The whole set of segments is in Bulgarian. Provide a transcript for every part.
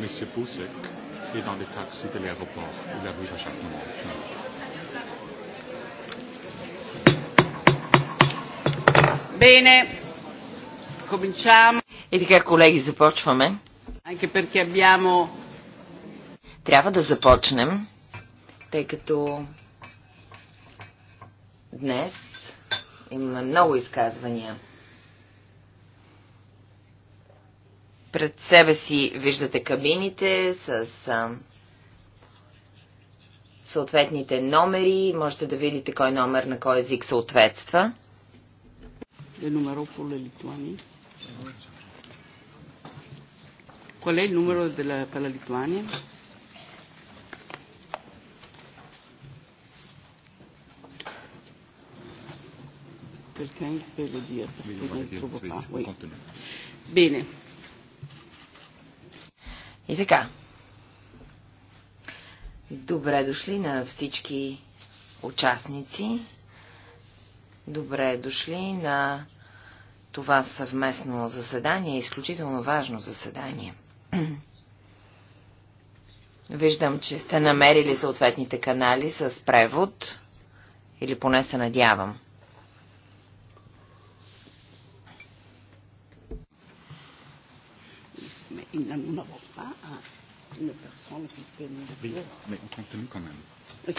M. Buzek est dans le taxi de l'aéroport. Il arrive à chaque moment. Bene. Cominciamo. И така, колеги, започваме. Anche perché abbiamo... Трябва да започнем, тъй като днес имаме много изказвания. Пред себе си виждате кабините с а, съответните номери. Можете да видите кой номер на кой език съответства. Е номеро по Литвани. ¿Cuál е номеро número de la, Bene. И така. Добре дошли на всички участници. Добре дошли на това съвместно заседание, изключително важно заседание. Виждам, че сте намерили съответните канали с превод, или поне се надявам. qui ne nous n'avons pas à une personne qui peut nous. Oui, mais on continue quand même. Oui.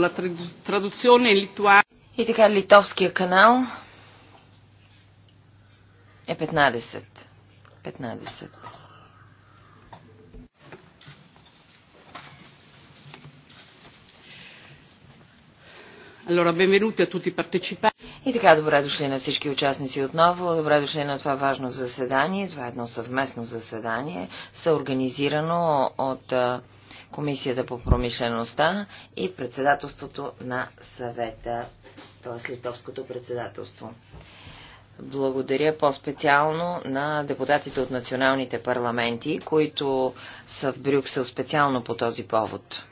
la traduzione in lituana. И така, литовския канал е 15. 15. Allora, benvenuti a tutti i partecipanti. И така, добре дошли на всички участници отново. Добре дошли на това важно заседание. Това е едно съвместно заседание, съорганизирано от Комисията по промишлеността и председателството на съвета, т.е. литовското председателство. Благодаря по-специално на депутатите от националните парламенти, които са в Брюксел специално по този повод.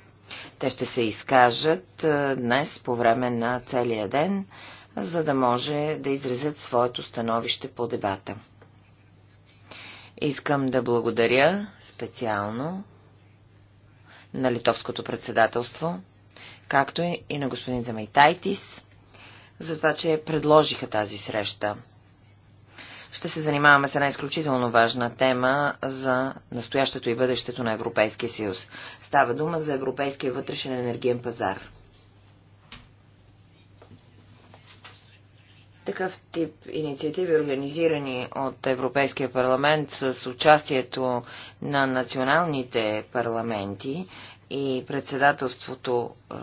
Те ще се изкажат е, днес по време на целия ден, за да може да изразят своето становище по дебата. Искам да благодаря специално на литовското председателство, както и на господин Замайтайтис, за това, че предложиха тази среща. Ще се занимаваме с една изключително важна тема за настоящето и бъдещето на Европейския съюз. Става дума за Европейския вътрешен енергиен пазар. Такъв тип инициативи, организирани от Европейския парламент с участието на националните парламенти и председателството, е,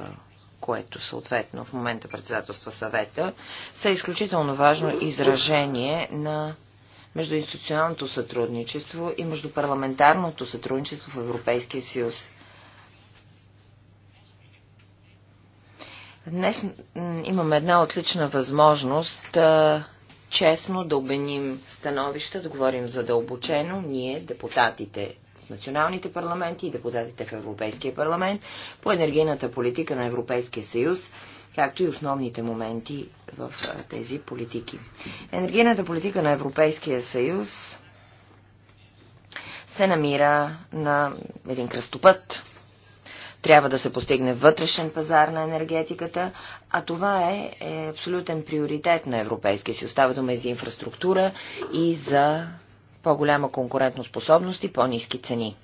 което съответно в момента председателства съвета, са изключително важно изражение на междуинституционалното сътрудничество и междупарламентарното сътрудничество в Европейския съюз. Днес имаме една отлична възможност честно да обеним становища, да говорим задълбочено, ние, депутатите в националните парламенти и депутатите в Европейския парламент, по енергийната политика на Европейския съюз, както и основните моменти в тези политики. Енергийната политика на Европейския съюз се намира на един кръстопът трябва да се постигне вътрешен пазар на енергетиката, а това е, е абсолютен приоритет на Европейския си. Остава дума и за инфраструктура и за по-голяма конкурентоспособност и по-низки цени.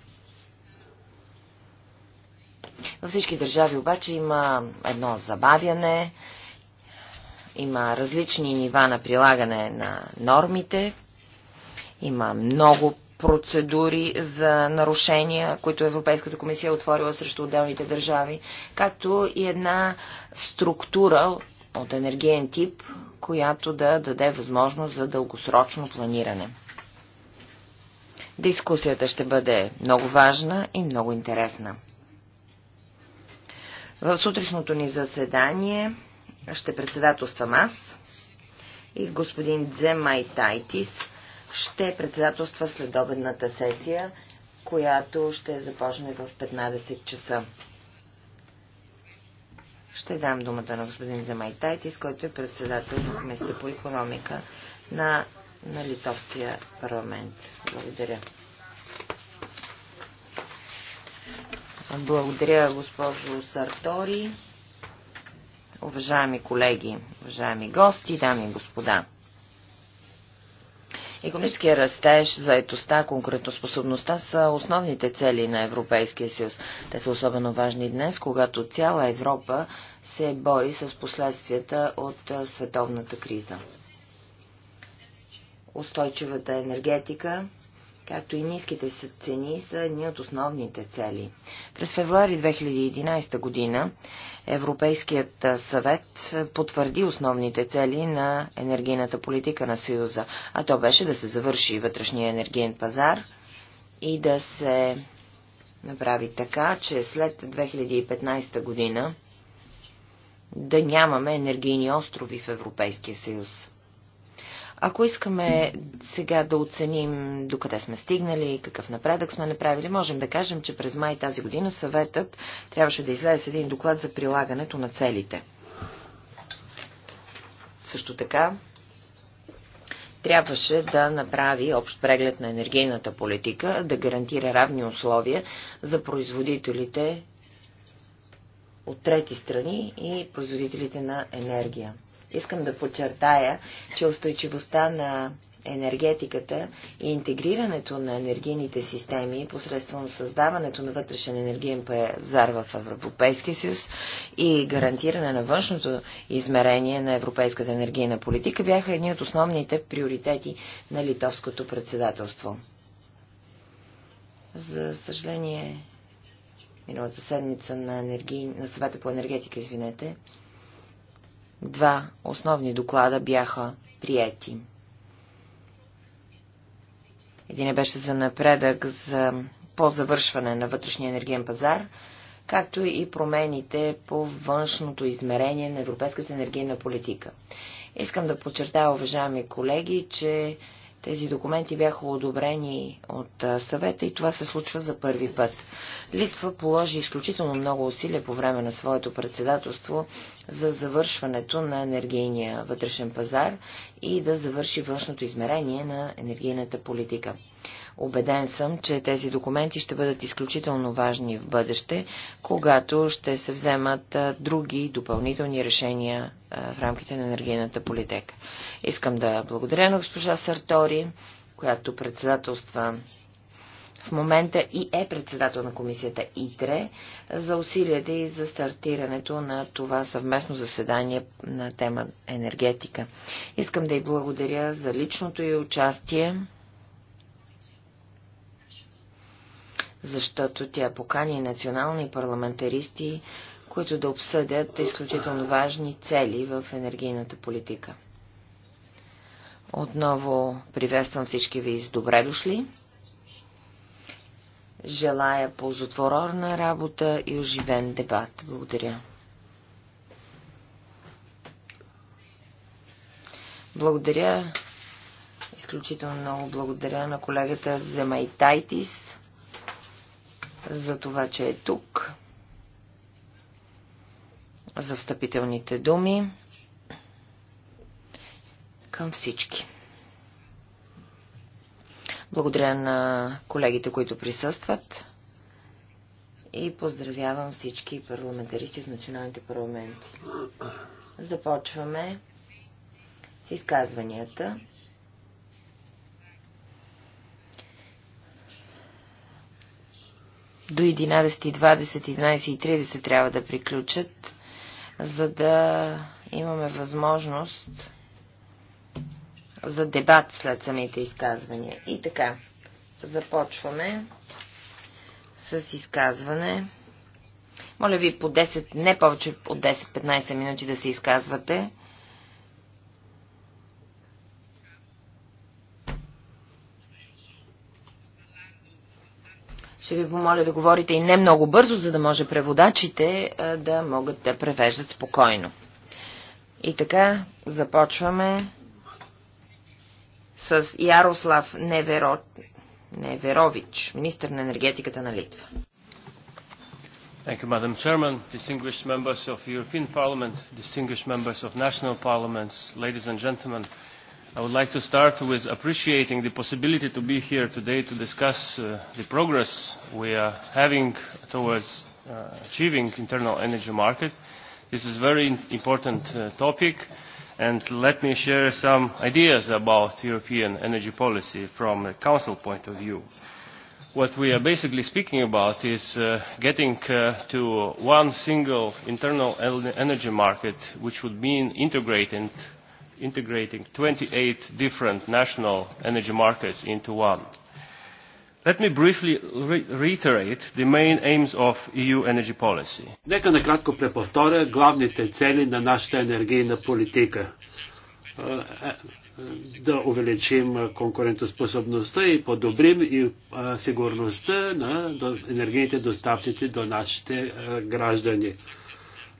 Във всички държави обаче има едно забавяне, има различни нива на прилагане на нормите, има много процедури за нарушения, които Европейската комисия е отворила срещу отделните държави, както и една структура от енергиен тип, която да даде възможност за дългосрочно планиране. Дискусията ще бъде много важна и много интересна. В сутрешното ни заседание ще председателствам аз и господин Дземай Тайтис, ще председателства следобедната сесия, която ще започне в 15 часа. Ще дам думата на господин Замайтайтис, който е председател на Комисията по економика на, на Литовския парламент. Благодаря. Благодаря, госпожо Сартори. Уважаеми колеги, уважаеми гости, дами и господа. Економическия растеж, заетостта, конкурентоспособността са основните цели на Европейския съюз. Те са особено важни днес, когато цяла Европа се бори с последствията от световната криза. Устойчивата енергетика както и ниските цени са едни от основните цели. През февруари 2011 година Европейският съвет потвърди основните цели на енергийната политика на Съюза, а то беше да се завърши вътрешния енергиен пазар и да се направи така, че след 2015 година да нямаме енергийни острови в Европейския съюз. Ако искаме сега да оценим докъде сме стигнали, какъв напредък сме направили, можем да кажем, че през май тази година съветът трябваше да излезе с един доклад за прилагането на целите. Също така, трябваше да направи общ преглед на енергийната политика, да гарантира равни условия за производителите от трети страни и производителите на енергия. Искам да подчертая, че устойчивостта на енергетиката и интегрирането на енергийните системи посредством създаването на вътрешен енергиен пазар в Европейския съюз и гарантиране на външното измерение на европейската енергийна политика бяха едни от основните приоритети на литовското председателство. За съжаление, миналата седмица на, енергий... на съвета по енергетика, извинете, Два основни доклада бяха приети. Един е беше за напредък за по-завършване на вътрешния енергиен пазар, както и промените по външното измерение на европейската енергийна политика. Искам да подчертая, уважаеми колеги, че тези документи бяха одобрени от съвета и това се случва за първи път. Литва положи изключително много усилия по време на своето председателство за завършването на енергийния вътрешен пазар и да завърши външното измерение на енергийната политика. Обеден съм, че тези документи ще бъдат изключително важни в бъдеще, когато ще се вземат други допълнителни решения в рамките на енергийната политика. Искам да благодаря на госпожа Сартори, която председателства в момента и е председател на комисията ИТРЕ за усилията и за стартирането на това съвместно заседание на тема енергетика. Искам да й благодаря за личното й участие защото тя покани национални парламентаристи, които да обсъдят изключително важни цели в енергийната политика. Отново приветствам всички ви с добре дошли. Желая ползотворорна работа и оживен дебат. Благодаря. Благодаря. Изключително много благодаря на колегата Земайтайтис за това, че е тук, за встъпителните думи към всички. Благодаря на колегите, които присъстват и поздравявам всички парламентаристи от националните парламенти. Започваме с изказванията. до 11.20, 11.30 трябва да приключат, за да имаме възможност за дебат след самите изказвания. И така, започваме с изказване. Моля ви по 10, не повече от 10-15 минути да се изказвате. ще ви помоля да говорите и не много бързо, за да може преводачите да могат да превеждат спокойно. И така започваме с Ярослав Неверо... Неверович, министр на енергетиката на Литва. Thank you, Madam Chairman, distinguished members of European Parliament, distinguished members of national parliaments, ladies and gentlemen. I would like to start with appreciating the possibility to be here today to discuss uh, the progress we are having towards uh, achieving internal energy market. This is a very important uh, topic and let me share some ideas about European energy policy from a Council point of view. What we are basically speaking about is uh, getting uh, to one single internal energy market, which would mean integrating integrating 28 different national energy markets into one. Let me briefly re reiterate the main aims of EU energy policy. Нека накратко преповторя главните цели на нашата енергийна политика. Е, е, да увеличим конкурентоспособността и подобрим и е, сигурността на енергийните доставчици до нашите граждани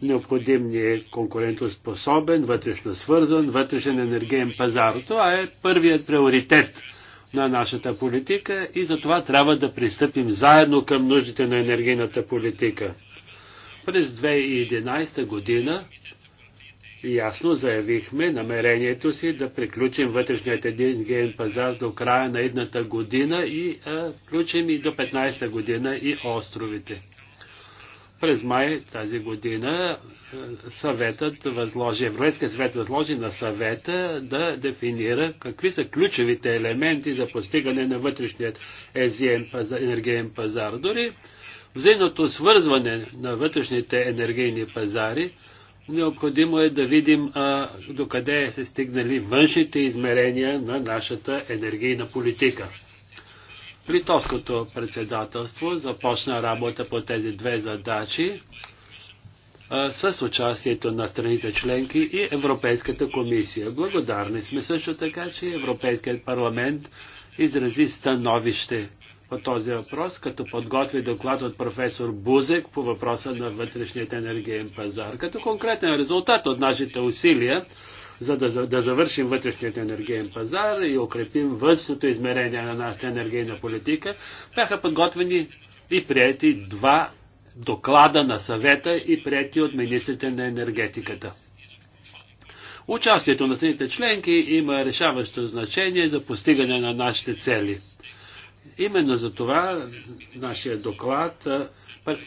Необходим ни е конкурентоспособен, вътрешно свързан, вътрешен енергиен пазар. Това е първият приоритет на нашата политика и за това трябва да пристъпим заедно към нуждите на енергийната политика. През 2011 година ясно заявихме намерението си да приключим вътрешният енергиен пазар до края на едната година и а, включим и до 15-та година и островите. През май тази година е, съветът възложи, Европейския съвет възложи на съвета да дефинира какви са ключовите елементи за постигане на вътрешният енергиен пазар. Дори взаимното свързване на вътрешните енергийни пазари, необходимо е да видим а, докъде се стигнали външните измерения на нашата енергийна политика. Литовското председателство започна работа по тези две задачи а, с участието на страните членки и Европейската комисия. Благодарни сме също така, че Европейският парламент изрази становище по този въпрос, като подготви доклад от професор Бузек по въпроса на вътрешният енергиен пазар. Като конкретен резултат от нашите усилия, за да, да завършим вътрешният енергиен пазар и укрепим външното измерение на нашата енергийна политика, бяха подготвени и прияти два доклада на съвета и прияти от министрите на енергетиката. Участието на страните членки има решаващо значение за постигане на нашите цели. Именно за това нашия доклад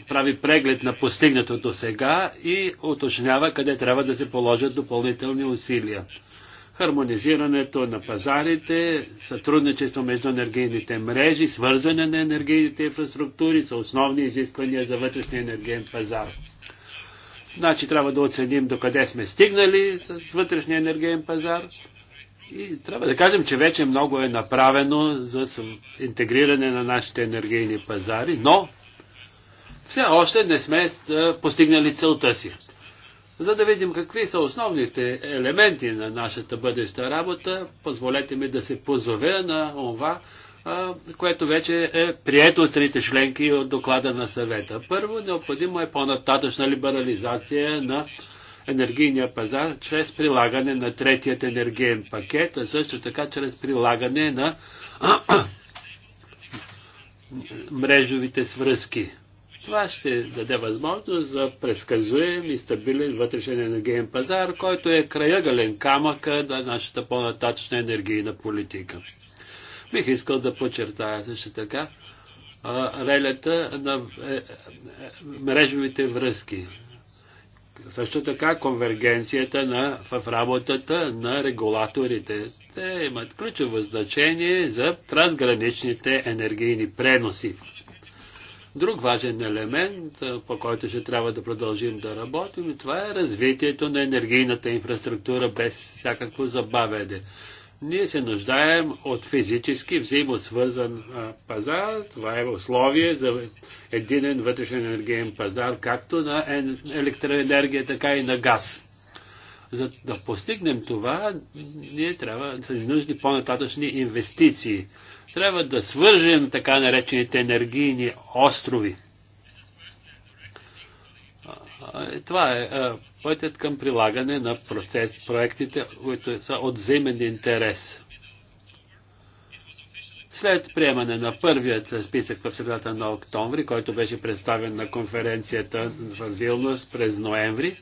прави преглед на постигнатото сега и уточнява къде трябва да се положат допълнителни усилия. Хармонизирането на пазарите, сътрудничество между енергийните мрежи, свързване на енергийните инфраструктури са основни изисквания за вътрешния енергиен пазар. Значи трябва да оценим до къде сме стигнали с вътрешния енергиен пазар, и трябва да кажем, че вече много е направено за интегриране на нашите енергийни пазари, но все още не сме постигнали целта си. За да видим какви са основните елементи на нашата бъдеща работа, позволете ми да се позове на това, което вече е прието от трите членки от доклада на съвета. Първо, необходимо е по-нататъчна либерализация на енергийния пазар чрез прилагане на третият енергиен пакет, а също така чрез прилагане на мрежовите свръзки. Това ще даде възможност за предсказуем и стабилен вътрешен енергиен пазар, който е краягален камък на нашата по-нататъчна енергийна политика. Бих искал да подчертая също така релята на е, е, мрежовите връзки. Също така конвергенцията на, в работата на регулаторите. Те имат ключово значение за трансграничните енергийни преноси. Друг важен елемент, по който ще трябва да продължим да работим, това е развитието на енергийната инфраструктура без всякакво забавяне. Ние се нуждаем от физически взаимосвързан пазар. Това е условие за единен вътрешен енергиен пазар, както на електроенергия, така и на газ. За да постигнем това, ние трябва да са нужни по-нататъчни инвестиции. Трябва да свържем така наречените енергийни острови. Е, това е пътят към прилагане на процес, проектите, които са от взаимен интерес. След приемане на първият списък в средата на октомври, който беше представен на конференцията в Вилнус през ноември,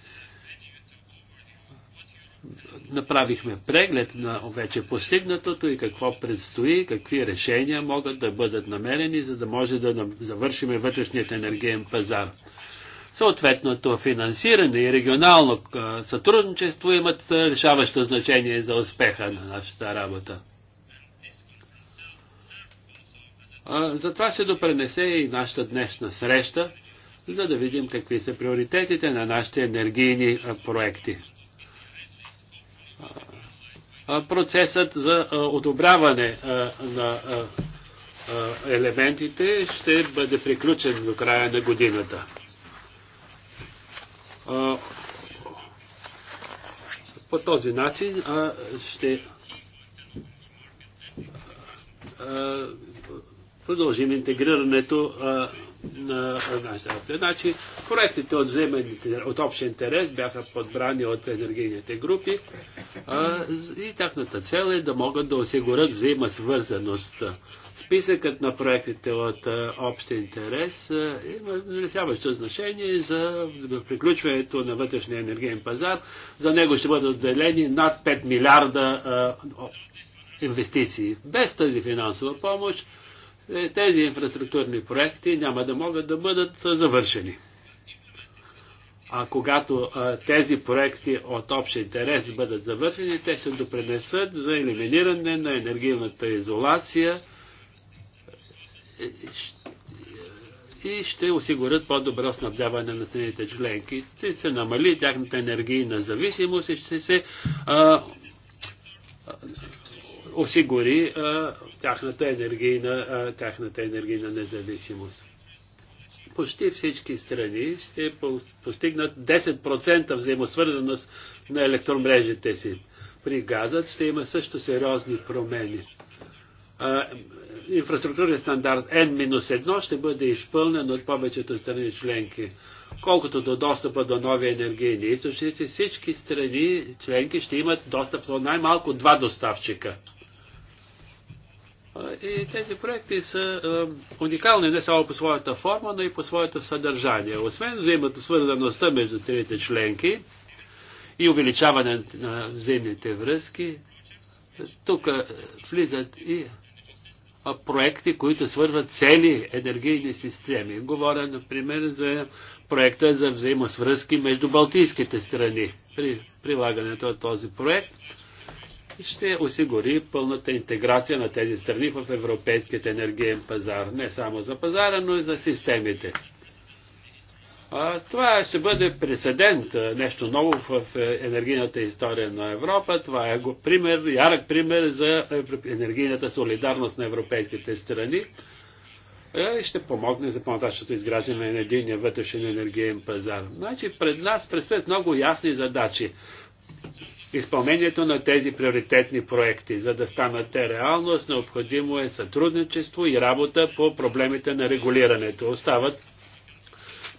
направихме преглед на вече постигнатото и какво предстои, какви решения могат да бъдат намерени, за да може да завършим вътрешният енергиен пазар. Съответното финансиране и регионално сътрудничество имат решаващо значение за успеха на нашата работа. Затова ще допренесе и нашата днешна среща, за да видим какви са приоритетите на нашите енергийни проекти процесът за одобряване на елементите ще бъде приключен до края на годината. По този начин ще продължим интегрирането на нашата работа. Значи, проектите от, земените, от общ интерес бяха подбрани от енергийните групи а, и тяхната цел е да могат да осигурят взаимосвързаност. Списъкът на проектите от а, общ интерес а, има решаващо значение за приключването на вътрешния енергиен пазар. За него ще бъдат отделени над 5 милиарда а, инвестиции. Без тази финансова помощ е, тези инфраструктурни проекти няма да могат да бъдат завършени. А когато а, тези проекти от общ интерес бъдат завършени, те ще допренесат за елиминиране на енергийната изолация и ще осигурят по-добро снабдяване на страните членки. Ще се намали тяхната енергийна зависимост и ще се а, осигури а, тяхната, енергийна, а, тяхната енергийна независимост. Почти всички страни ще постигнат 10% взаимосвързаност на електромрежите си. При газът ще има също сериозни промени. А, инфраструктурен стандарт N-1 ще бъде изпълнен от повечето страни членки. Колкото до достъпа до нови енергийни източници, всички страни членки ще имат достъп до най-малко два доставчика. И тези проекти са е, уникални не само по своята форма, но и по своето съдържание. Освен взаимосвързаността между страните членки и увеличаване на е, взаимните връзки, тук е, влизат и проекти, които свързват цели енергийни системи. Говоря, например, за проекта за взаимосвръзки между балтийските страни. При прилагането на този проект ще осигури пълната интеграция на тези страни в европейският енергиен пазар. Не само за пазара, но и за системите. А, това ще бъде прецедент, нещо ново в енергийната история на Европа. Това е пример, ярък пример за енергийната солидарност на европейските страни и ще помогне за по-нататъчното изграждане на енергийния вътрешен енергиен пазар. Значи пред нас предстоят много ясни задачи изпълнението на тези приоритетни проекти. За да станат те реалност, необходимо е сътрудничество и работа по проблемите на регулирането. Остават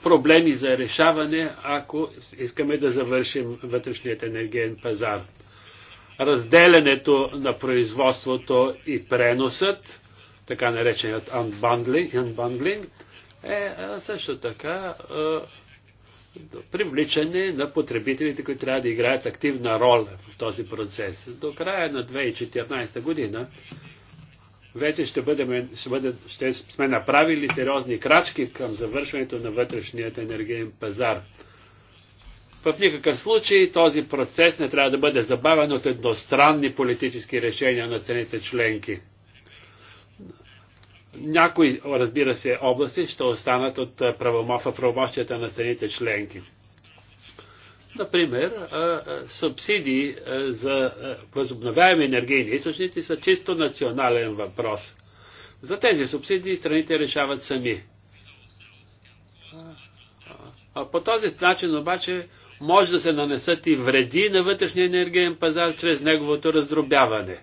проблеми за решаване, ако искаме да завършим вътрешният енергиен пазар. Разделянето на производството и преносът, така нареченият unbundling, unbundling е също така до привличане на потребителите, които трябва да играят активна роля в този процес. До края на 2014 година вече ще, бъдем, ще, бъде, ще сме направили сериозни крачки към завършването на вътрешният енергиен пазар. В никакъв случай този процес не трябва да бъде забавен от едностранни политически решения на страните членки. Някои, разбира се, области ще останат от правомофа правомощията на страните членки. Например, субсидии за възобновяеми енергийни източници са чисто национален въпрос. За тези субсидии страните решават сами. А по този начин обаче може да се нанесат и вреди на вътрешния енергиен пазар чрез неговото раздробяване.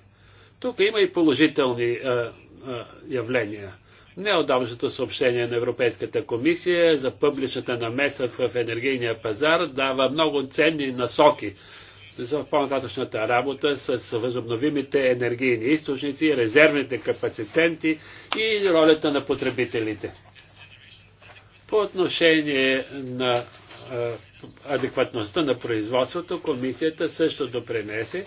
Тук има и положителни явления. Неодавнашното съобщение на Европейската комисия за публичната намеса в енергийния пазар дава много ценни насоки за по-нататъчната работа с възобновимите енергийни източници, резервните капацитенти и ролята на потребителите. По отношение на адекватността на производството, комисията също допринесе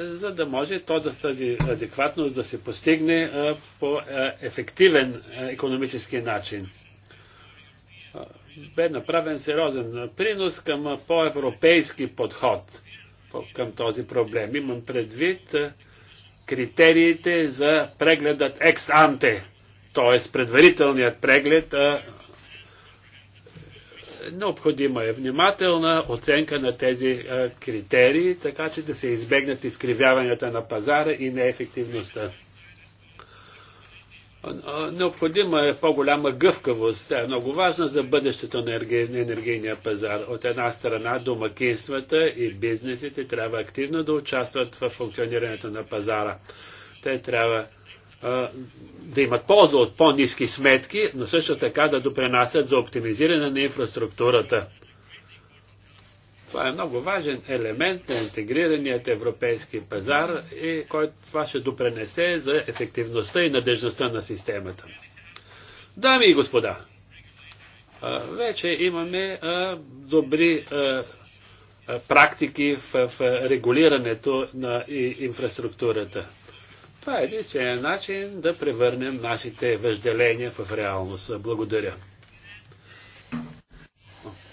за да може то да тази адекватност да се постигне по ефективен економически начин. Бе направен сериозен принос към по-европейски подход към този проблем. Имам предвид критериите за прегледът екс-анте, т.е. предварителният преглед Необходима е внимателна оценка на тези е, критерии, така че да се избегнат изкривяванията на пазара и неефективността. Е, е, необходима е по-голяма гъвкавост. Тя е много важна за бъдещето на енергийния пазар. От една страна домакинствата и бизнесите трябва активно да участват в функционирането на пазара. Те трябва да имат полза от по-низки сметки, но също така да допренасят за оптимизиране на инфраструктурата. Това е много важен елемент на интегрираният европейски пазар и който това ще допренесе за ефективността и надежността на системата. Дами и господа, вече имаме добри практики в регулирането на инфраструктурата. Това е единствения начин да превърнем нашите въжделения в реалност. Благодаря.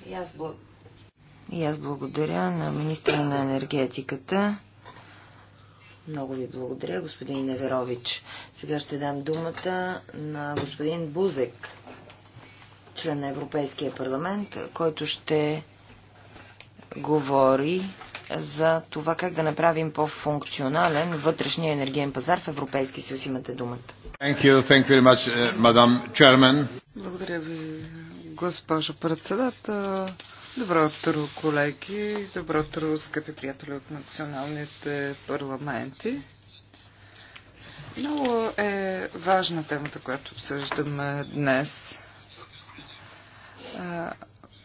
И аз, и аз благодаря на министра на енергетиката. Много ви благодаря, господин Неверович. Сега ще дам думата на господин Бузек, член на Европейския парламент, който ще говори за това как да направим по-функционален вътрешния енергиен пазар в Европейски съюз. Имате думата. Thank you, thank you much, uh, Благодаря ви, госпожо председател. Добро утро, колеги. Добро утро, скъпи приятели от националните парламенти. Много е важна темата, която обсъждаме днес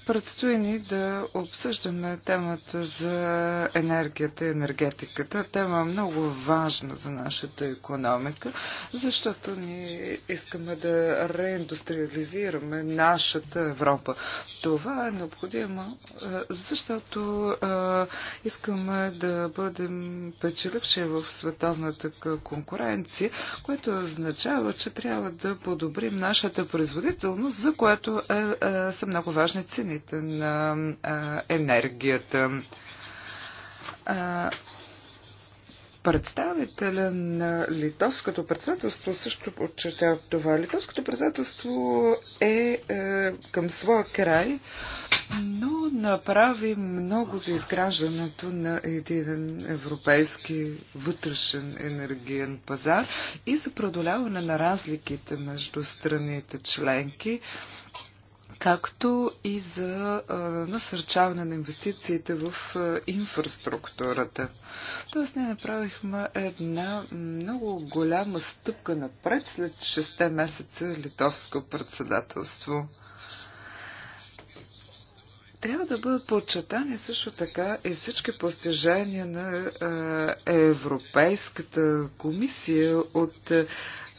Предстои ни да обсъждаме темата за енергията и енергетиката. Тема е много важна за нашата економика, защото ние искаме да реиндустриализираме нашата Европа. Това е необходимо, защото искаме да бъдем печеливши в световната конкуренция, което означава, че трябва да подобрим нашата производителност, за което е, е, са много важни цени цените на енергията. Представителя на литовското председателство също подчертава това. Литовското председателство е, е към своя край, но направи много за изграждането на един европейски вътрешен енергиен пазар и за преодоляване на разликите между страните членки както и за насърчаване на инвестициите в инфраструктурата. Тоест ние направихме една много голяма стъпка напред след 6 месеца литовско председателство. Трябва да бъдат подчертани също така и всички постижения на Европейската комисия от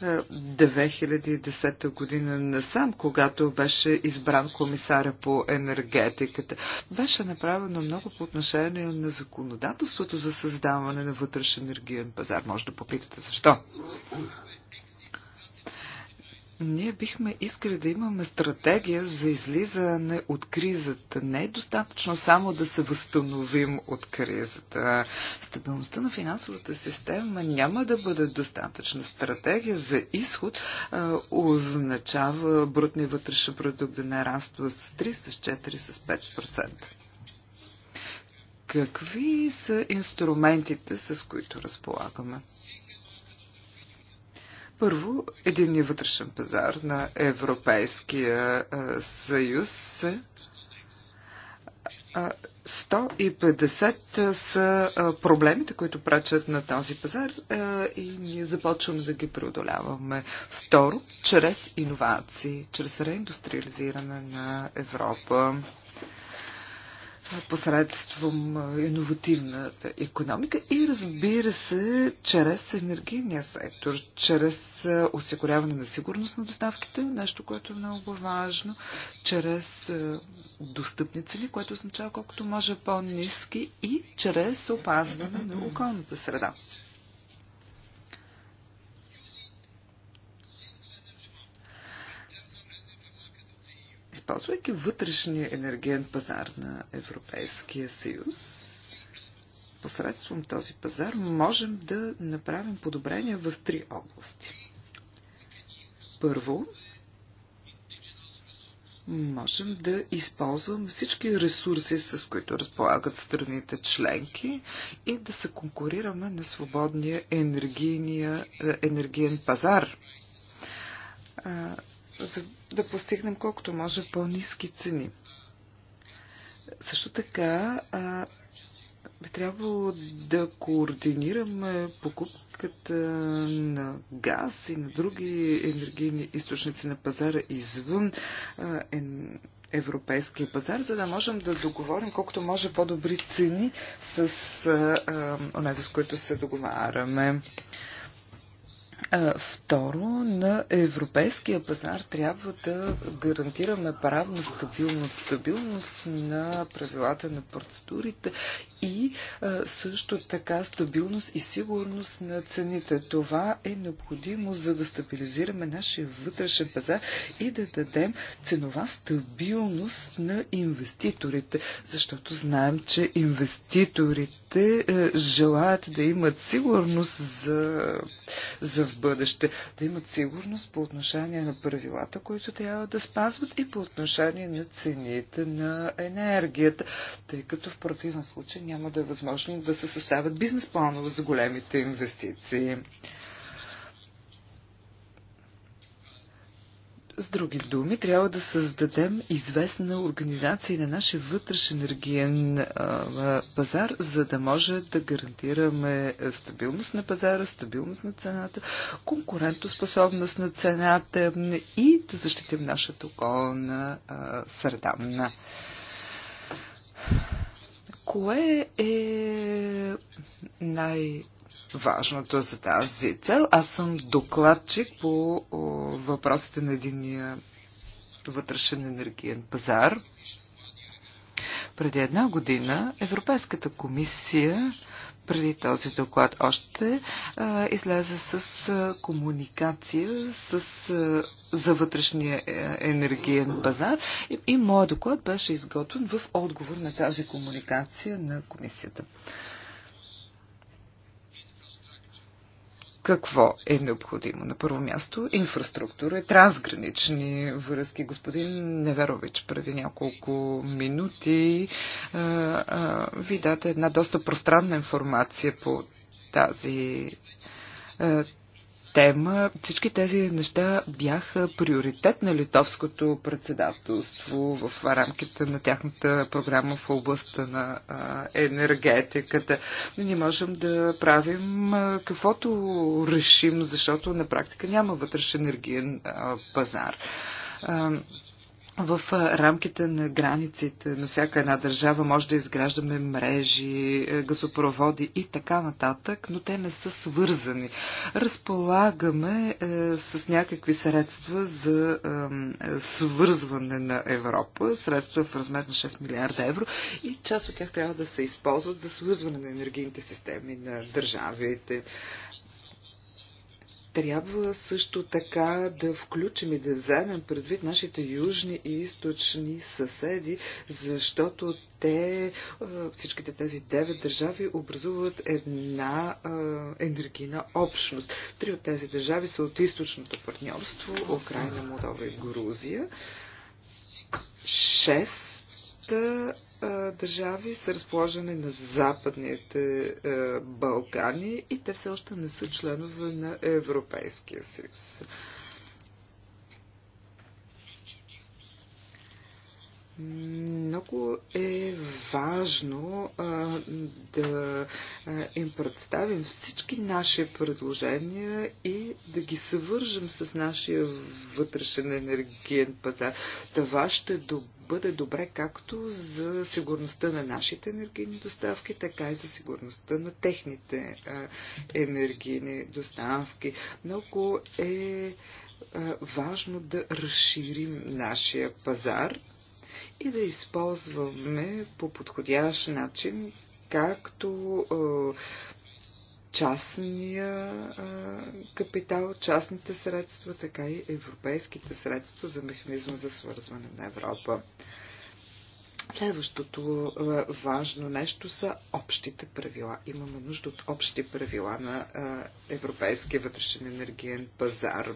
2010 е, година насам, когато беше избран комисара по енергетиката. Беше направено много по отношение на законодателството за създаване на вътрешен енергиен пазар. Може да попитате защо. Ние бихме искали да имаме стратегия за излизане от кризата. Не е достатъчно само да се възстановим от кризата. Стабилността на финансовата система няма да бъде достатъчна. Стратегия за изход а, означава брутния вътрешен продукт да нараства с 3, с 4, с 5%. Какви са инструментите, с които разполагаме? Първо, единния вътрешен пазар на Европейския съюз 150 са проблемите, които прачат на този пазар и ние започваме да ги преодоляваме. Второ, чрез иновации, чрез реиндустриализиране на Европа посредством иновативната економика и разбира се, чрез енергийния сектор, чрез осигуряване на сигурност на доставките, нещо, което е много важно, чрез достъпни цели, което означава колкото може по-низки и чрез опазване на околната среда. използвайки вътрешния енергиен пазар на Европейския съюз, посредством този пазар можем да направим подобрения в три области. Първо, можем да използвам всички ресурси, с които разполагат страните членки и да се конкурираме на свободния енергийния, е, енергиен пазар за да постигнем колкото може по-низки цени. Също така а, би трябвало да координираме покупката на газ и на други енергийни източници на пазара извън а, е, европейския пазар, за да можем да договорим колкото може по-добри цени с а, а, онези, с които се договаряме. А, Второ, на европейския пазар трябва да гарантираме правна стабилност, стабилност на правилата на процедурите и също така стабилност и сигурност на цените. Това е необходимо за да стабилизираме нашия вътрешен пазар и да дадем ценова стабилност на инвеститорите, защото знаем, че инвеститорите е, желаят да имат сигурност за, за в бъдеще, да имат сигурност по отношение на правилата, които трябва да спазват и по отношение на цените на енергията, тъй като в противен случай няма да е възможно да се съставят бизнес планове за големите инвестиции. С други думи, трябва да създадем известна организация на нашия вътрешен енергиен пазар, за да може да гарантираме стабилност на пазара, стабилност на цената, конкурентоспособност на цената и да защитим нашата околна среда. Кое е най- важното за тази цел. Аз съм докладчик по въпросите на единия вътрешен енергиен пазар. Преди една година Европейската комисия преди този доклад още а, излезе с а, комуникация с, а, за вътрешния е, енергиен пазар и, и моят доклад беше изготвен в отговор на тази комуникация на комисията. Какво е необходимо? На първо място инфраструктура, трансгранични връзки. Господин Неверович преди няколко минути а, а, ви даде една доста пространна информация по тази тема. Всички тези неща бяха приоритет на литовското председателство в рамките на тяхната програма в областта на енергетиката. Но ние можем да правим каквото решим, защото на практика няма вътрешен енергиен пазар в рамките на границите на всяка една държава може да изграждаме мрежи, е, газопроводи и така нататък, но те не са свързани. Разполагаме е, с някакви средства за е, свързване на Европа, средства в размер на 6 милиарда евро и част от тях трябва да се използват за свързване на енергийните системи на държавите. Трябва също така да включим и да вземем предвид нашите южни и източни съседи, защото те, всичките тези девет държави образуват една енергийна общност. Три от тези държави са от източното партньорство, Украина, Молдова и Грузия. Шест държави са разположени на Западните Балкани и те все още не са членове на Европейския съюз. Много е важно а, да а, им представим всички наши предложения и да ги съвържем с нашия вътрешен енергиен пазар. Това ще бъде добре както за сигурността на нашите енергийни доставки, така и за сигурността на техните а, енергийни доставки. Много е важно да разширим нашия пазар и да използваме по подходящ начин както частния капитал, частните средства, така и европейските средства за механизма за свързване на Европа. Следващото важно нещо са общите правила. Имаме нужда от общи правила на Европейския вътрешен енергиен пазар.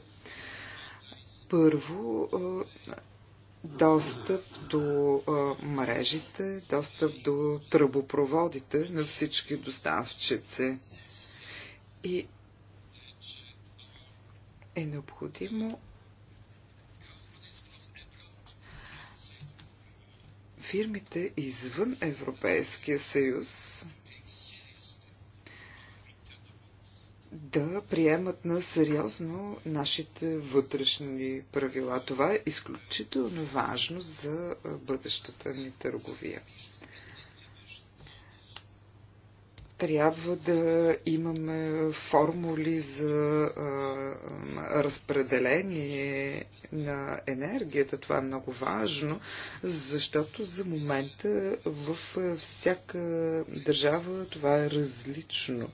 Първо, достъп до а, мрежите, достъп до тръбопроводите на всички доставчици. И е необходимо фирмите извън Европейския съюз да приемат на сериозно нашите вътрешни правила. Това е изключително важно за бъдещата ни търговия. Трябва да имаме формули за а, разпределение на енергията. Това е много важно, защото за момента във всяка държава това е различно. А,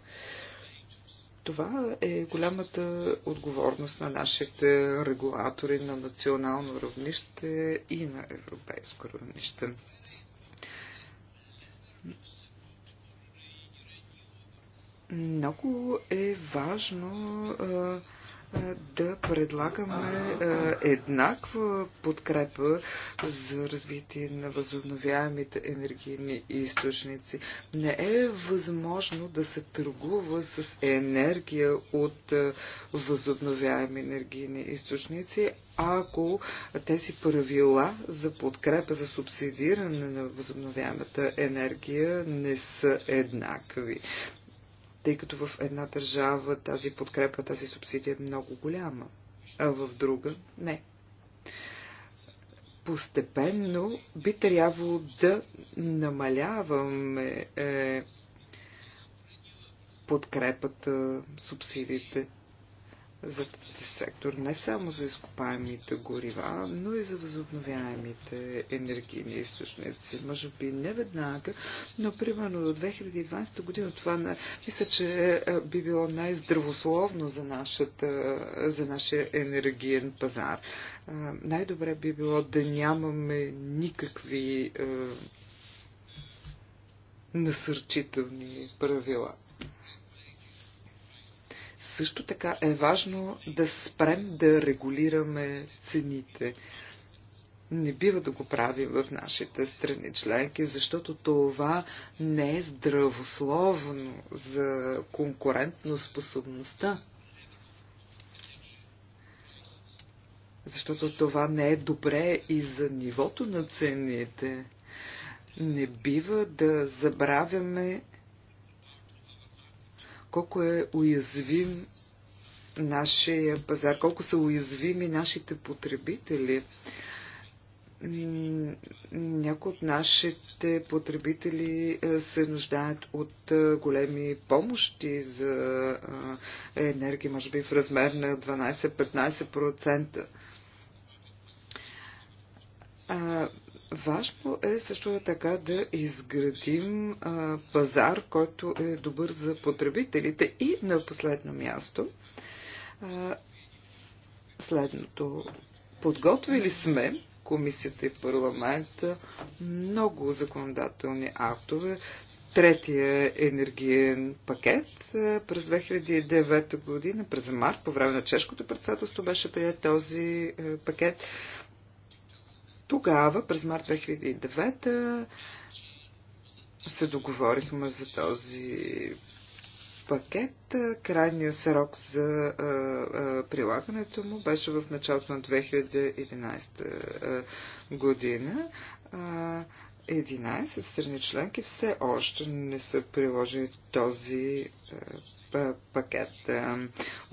това е голямата отговорност на нашите регулатори на национално равнище и на европейско равнище. Много е важно а, да предлагаме е, еднаква подкрепа за развитие на възобновяемите енергийни източници. Не е възможно да се търгува с енергия от е, възобновяеми енергийни източници, ако тези правила за подкрепа, за субсидиране на възобновяемата енергия не са еднакви тъй като в една държава тази подкрепа, тази субсидия е много голяма, а в друга не. Постепенно би трябвало да намаляваме е, подкрепата, субсидиите за този сектор, не само за изкопаемите горива, но и за възобновяемите енергийни източници. Може би не веднага, но примерно до 2020 година това не... мисля, че е, би било най-здравословно за, нашата, за нашия енергиен пазар. Е, най-добре би било да нямаме никакви е, насърчителни правила. Също така е важно да спрем да регулираме цените. Не бива да го правим в нашите страни членки, защото това не е здравословно за конкурентно способността. Защото това не е добре и за нивото на цените. Не бива да забравяме, колко е уязвим нашия пазар, колко са уязвими нашите потребители. Някои от нашите потребители е, се нуждаят от е, големи помощи за е, енергия, може би в размер на 12-15%. Важно е също така да изградим а, пазар, който е добър за потребителите. И на последно място а, следното. Подготвили сме комисията и парламента много законодателни актове. Третия енергиен пакет през 2009 година, през март, по време на чешкото председателство беше прият този пакет. Тогава, през март 2009, се договорихме за този пакет. Крайният срок за а, а, прилагането му беше в началото на 2011 а, година. А, 11 страни членки все още не са приложили този а, пакет.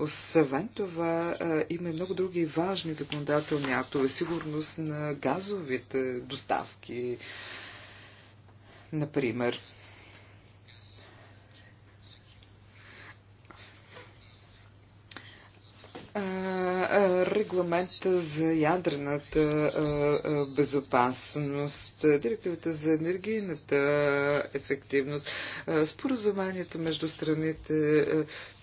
Освен това, има и много други важни законодателни актове. Сигурност на газовите доставки, например. Регламента за ядрената безопасност, директивата за енергийната ефективност, споразуменията между страните,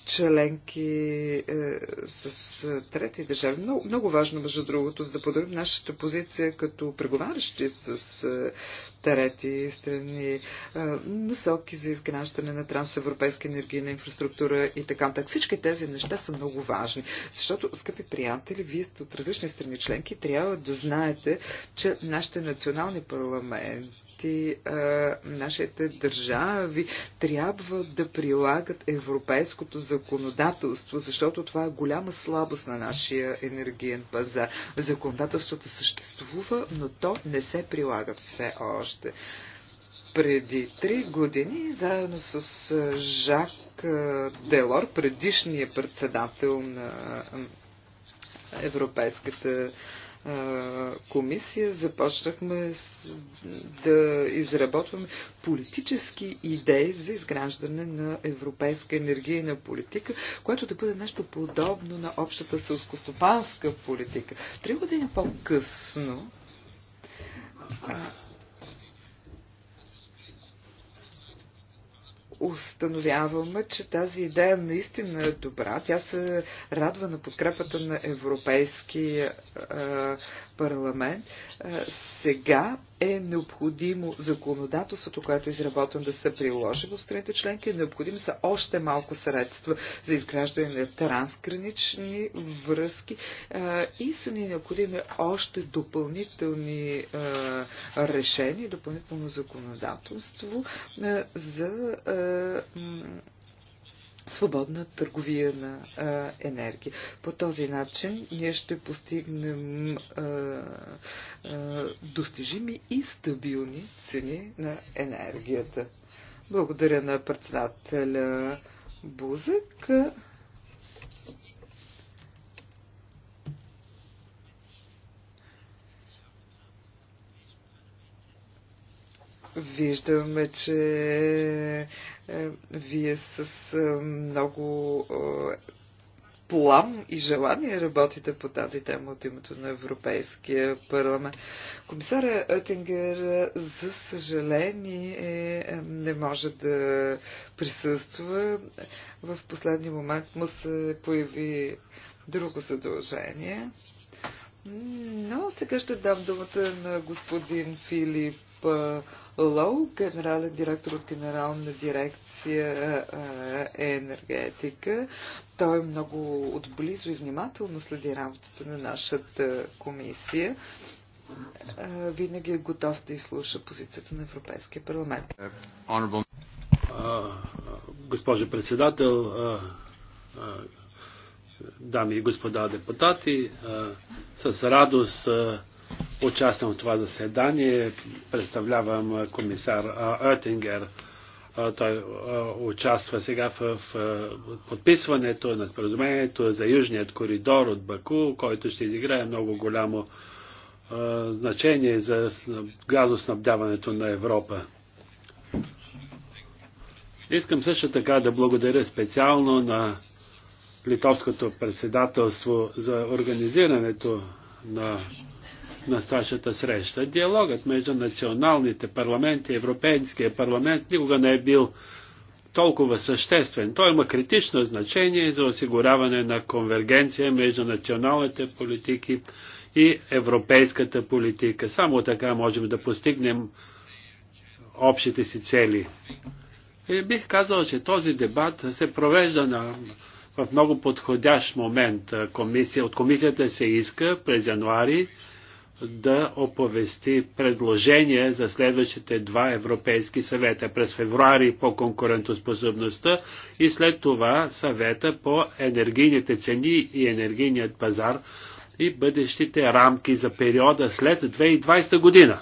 членки е, с е, трети държави. Много, много важно, между другото, за да подобрим нашата позиция като преговарящи с е, трети страни, е, насоки за изграждане на трансевропейска енергийна инфраструктура и така нататък. Всички тези неща са много важни, защото, скъпи приятели, вие сте от различни страни членки, трябва да знаете, че нашите национални парламенти части а, нашите държави трябва да прилагат европейското законодателство, защото това е голяма слабост на нашия енергиен пазар. Законодателството съществува, но то не се прилага все още преди три години, заедно с Жак Делор, предишният председател на Европейската комисия започнахме с, да изработваме политически идеи за изграждане на европейска енергийна политика, което да бъде нещо подобно на общата селскостопанска политика. Три години по-късно установяваме, че тази идея наистина е добра. Тя се радва на подкрепата на Европейския парламент, сега е необходимо законодателството, което е изработено да се приложи в страните членки, е необходимо са още малко средства за изграждане на трансгранични връзки и са ни необходими още допълнителни решения, допълнително законодателство за свободна търговия на а, енергия. По този начин ние ще постигнем а, а, достижими и стабилни цени на енергията. Благодаря на председателя Бузък. Виждаме, че е, вие с е, много е, плам и желание работите по тази тема от името на Европейския парламент. Комисаря Оттингер, за съжаление, не може да присъства. В последния момент му се появи друго задължение. Но сега ще дам думата на господин Филип е, Лоу, генерален директор от генерална дирекция е енергетика. Той е много отблизо и внимателно следи работата на нашата комисия. Е, винаги е готов да изслуша позицията на Европейския парламент. Е, госпожо председател, дами и господа депутати, с радост участвам в това заседание. Представлявам комисар Оттингер. Той участва сега в подписването на споразумението за Южният коридор от Баку, който ще изиграе много голямо значение за газоснабдяването на Европа. Искам също така да благодаря специално на литовското председателство за организирането на настоящата среща. Диалогът между националните парламенти и Европейския парламент никога не е бил толкова съществен. Той има критично значение за осигуряване на конвергенция между националните политики и европейската политика. Само така можем да постигнем общите си цели. И бих казал, че този дебат се провежда на, в много подходящ момент. Комисия, от комисията се иска през януари да оповести предложения за следващите два европейски съвета през февруари по конкурентоспособността и след това съвета по енергийните цени и енергийният пазар и бъдещите рамки за периода след 2020 година.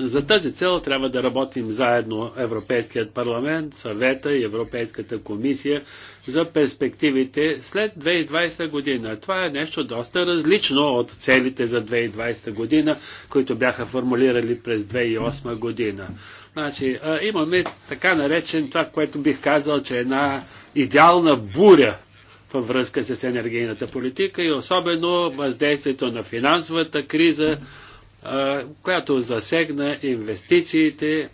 За тази цел трябва да работим заедно Европейският парламент, съвета и Европейската комисия за перспективите след 2020 година. Това е нещо доста различно от целите за 2020 година, които бяха формулирали през 2008 година. Значи, имаме така наречен това, което бих казал, че е една идеална буря във връзка с енергийната политика и особено въздействието на финансовата криза, която засегна инвестициите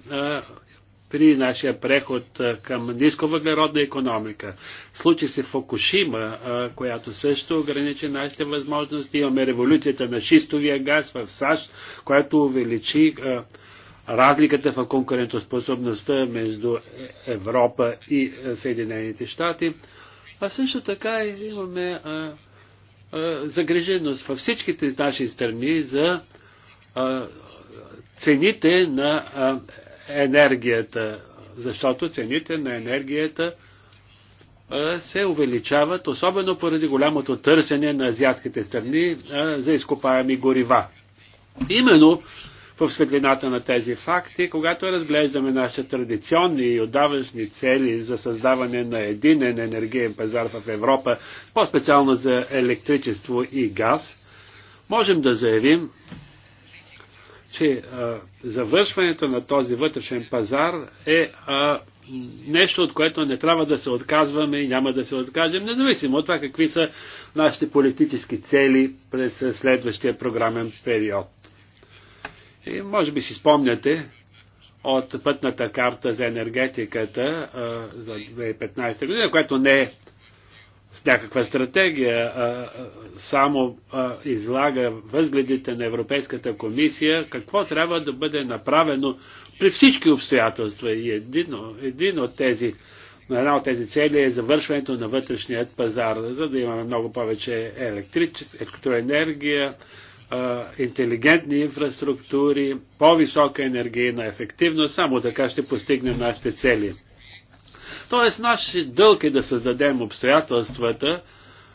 при нашия преход към нисковъглеродна економика. Случи се Фокушима, която също ограничи нашите възможности. Имаме революцията на шистовия газ в САЩ, която увеличи разликата в конкурентоспособността между Европа и Съединените щати. А също така имаме загреженост във всичките наши страни за цените на енергията, защото цените на енергията се увеличават, особено поради голямото търсене на азиатските страни за изкопаеми горива. Именно в светлината на тези факти, когато разглеждаме нашите традиционни и отдавнашни цели за създаване на единен енергиен пазар в Европа, по-специално за електричество и газ, можем да заявим, че а, завършването на този вътрешен пазар е а, нещо, от което не трябва да се отказваме и няма да се откажем, независимо от това какви са нашите политически цели през следващия програмен период. И може би си спомняте от пътната карта за енергетиката а, за 2015 година, която не е с някаква стратегия, а, само а, излага възгледите на Европейската комисия, какво трябва да бъде направено при всички обстоятелства. И един, един от тези, една от тези цели е завършването на вътрешният пазар, за да имаме много повече електричество, електроенергия, а, интелигентни инфраструктури, по-висока енергийна ефективност. Само така ще постигнем нашите цели. Тоест, наш дълг е да създадем обстоятелствата,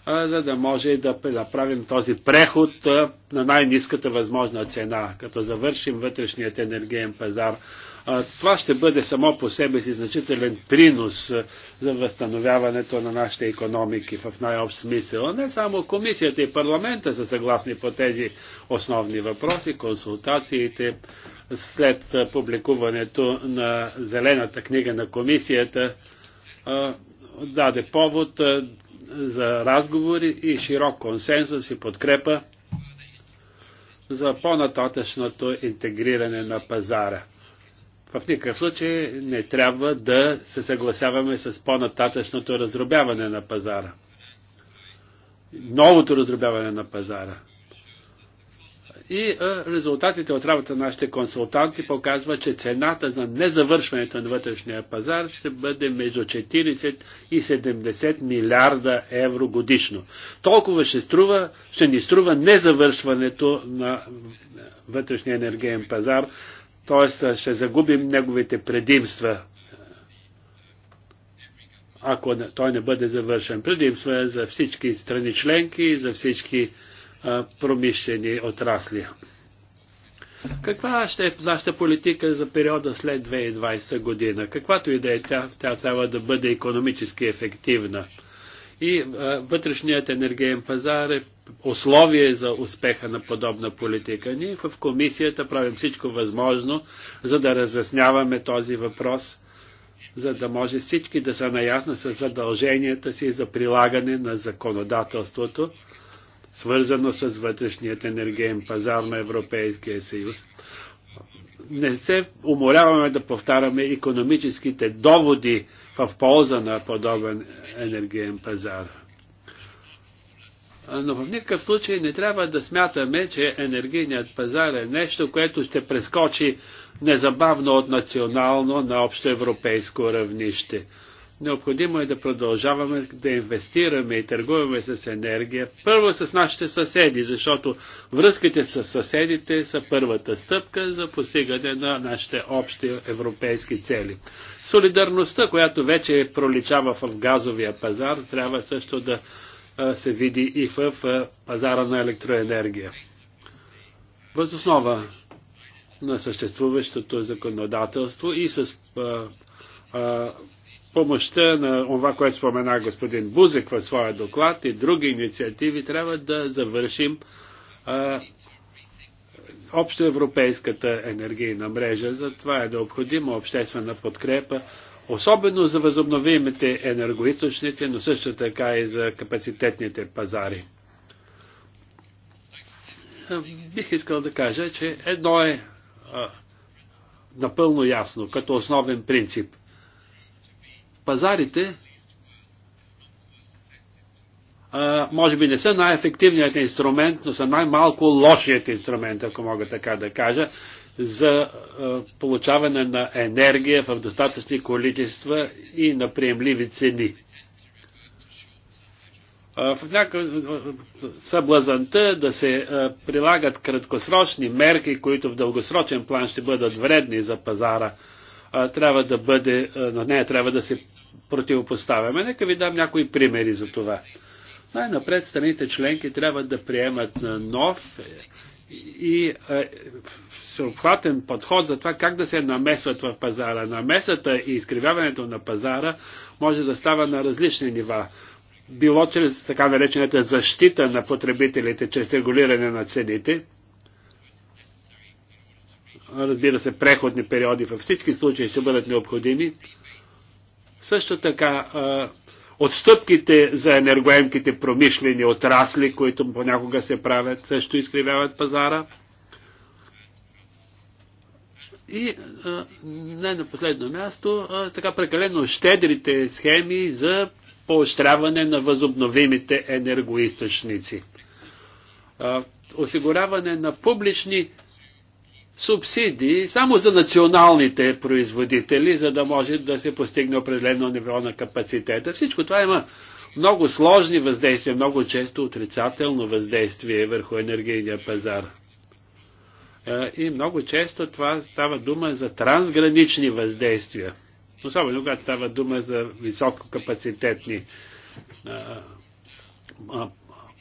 за да може да направим този преход на най-низката възможна цена, като завършим вътрешният енергиен пазар. Това ще бъде само по себе си значителен принос за възстановяването на нашите економики в най-общ смисъл. Не само комисията и парламента са съгласни по тези основни въпроси, консултациите след публикуването на зелената книга на комисията даде повод за разговори и широк консенсус и подкрепа за по-нататъчното интегриране на пазара. В никакъв случай не трябва да се съгласяваме с по-нататъчното раздробяване на пазара. Новото раздробяване на пазара. И е, резултатите от работа на нашите консултанти показва, че цената за незавършването на вътрешния пазар ще бъде между 40 и 70 милиарда евро годишно. Толкова ще, струва, ще ни струва незавършването на вътрешния енергиен пазар, т.е. ще загубим неговите предимства, ако той не бъде завършен. Предимства е за всички страни членки, за всички промишлени отрасли. Каква ще е нашата политика за периода след 2020 година? Каквато и да е тя, тя трябва да бъде економически ефективна. И а, вътрешният енергиен пазар е условие за успеха на подобна политика. Ние в комисията правим всичко възможно, за да разясняваме този въпрос, за да може всички да са наясно с задълженията си за прилагане на законодателството свързано с вътрешният енергиен пазар на Европейския съюз. Не се умоляваме да повтаряме економическите доводи в полза на подобен енергиен пазар. Но в никакъв случай не трябва да смятаме, че енергийният пазар е нещо, което ще прескочи незабавно от национално на общоевропейско равнище. Необходимо е да продължаваме да инвестираме и търгуваме с енергия. Първо с нашите съседи, защото връзките с съседите са първата стъпка за постигане на нашите общи европейски цели. Солидарността, която вече проличава в газовия пазар, трябва също да се види и в пазара на електроенергия. Въз основа на съществуващото законодателство и с помощта на това, което спомена господин Бузек в своя доклад и други инициативи, трябва да завършим а, общоевропейската енергийна мрежа. За това е необходима обществена подкрепа, особено за възобновимите енергоисточници, но също така и за капацитетните пазари. Бих искал да кажа, че едно е а, напълно ясно, като основен принцип пазарите а, може би не са най-ефективният инструмент, но са най-малко лошият инструмент, ако мога така да кажа, за а, получаване на енергия в достатъчни количества и на приемливи цени. в някакъв съблазанта да се прилагат краткосрочни мерки, които в дългосрочен план ще бъдат вредни за пазара, трябва да бъде, на нея трябва да се противопоставяме. Нека ви дам някои примери за това. Най-напред страните членки трябва да приемат нов е, и е, всеобхватен подход за това как да се намесват в пазара. Намесата и изкривяването на пазара може да става на различни нива. Било чрез така наречената защита на потребителите, чрез регулиране на цените, разбира се, преходни периоди във всички случаи ще бъдат необходими, също така отстъпките за енергоемките промишлени отрасли, които понякога се правят, също изкривяват пазара. И не на последно място, така прекалено щедрите схеми за поощряване на възобновимите енергоисточници. Осигуряване на публични субсидии само за националните производители, за да може да се постигне определено ниво на капацитета. Всичко това има много сложни въздействия, много често отрицателно въздействие върху енергийния пазар. Е, и много често това става дума за трансгранични въздействия. Особено когато става дума за висококапацитетни е, е,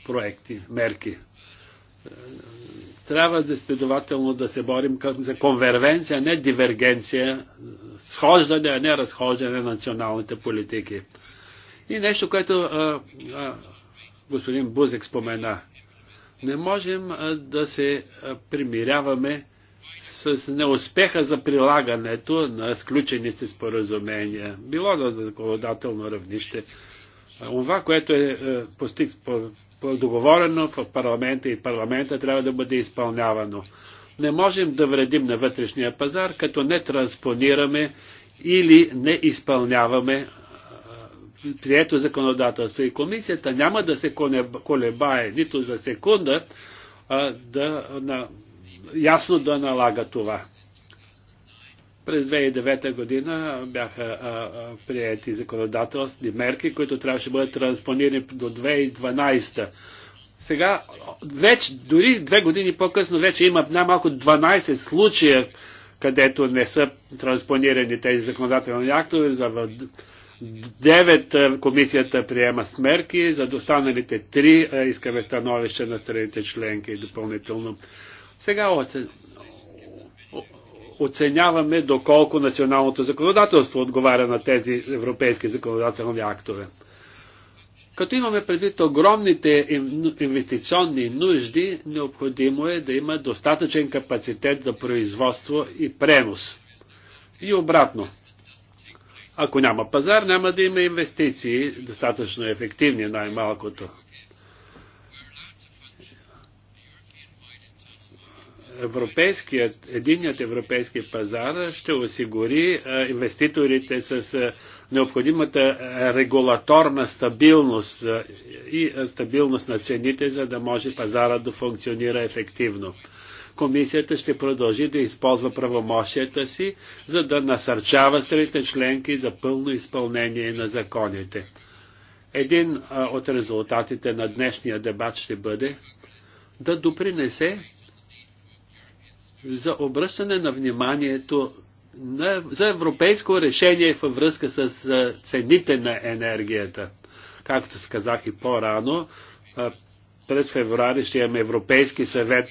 проекти, мерки. Трябва да следователно да се борим за конвервенция, не дивергенция, схождане, а не разхождане на националните политики. И нещо, което а, а, господин Бузек спомена. Не можем а, да се а, примиряваме с неуспеха за прилагането на сключени си споразумения, било на законодателно равнище. Това, което е, е постиг договорено в парламента и парламента трябва да бъде изпълнявано. Не можем да вредим на вътрешния пазар, като не транспонираме или не изпълняваме прието законодателство. И комисията няма да се колебае нито за секунда а, да, на, ясно да налага това. През 2009 година бяха приети законодателствени мерки, които трябваше да бъдат транспонирани до 2012. Сега, вече, дори две години по-късно, вече има най-малко 12 случая, където не са транспонирани тези законодателни актове. За 9 комисията приема смерки, за достаналите 3 искаме становище на страните членки и допълнително. Сега оценяваме доколко националното законодателство отговаря на тези европейски законодателни актове. Като имаме предвид огромните инвестиционни нужди, необходимо е да има достатъчен капацитет за производство и пренос. И обратно. Ако няма пазар, няма да има инвестиции, достатъчно ефективни най-малкото. европейският, единният европейски пазар ще осигури инвеститорите с необходимата регулаторна стабилност и стабилност на цените, за да може пазара да функционира ефективно. Комисията ще продължи да използва правомощията си, за да насърчава страните членки за пълно изпълнение на законите. Един от резултатите на днешния дебат ще бъде да допринесе за обръщане на вниманието на, за европейско решение във връзка с цените на енергията. Както се казах и по-рано, през февруари ще имаме Европейски съвет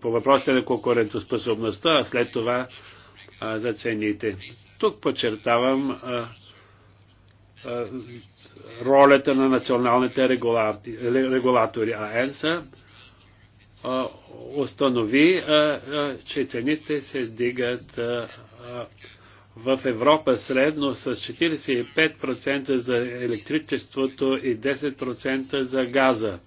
по въпросите на конкурентоспособността, а след това а, за цените. Тук подчертавам а, а, ролята на националните регулатори, регулатори АЕНСА, установи, че цените се дигат в Европа средно с 45% за електричеството и 10% за газа.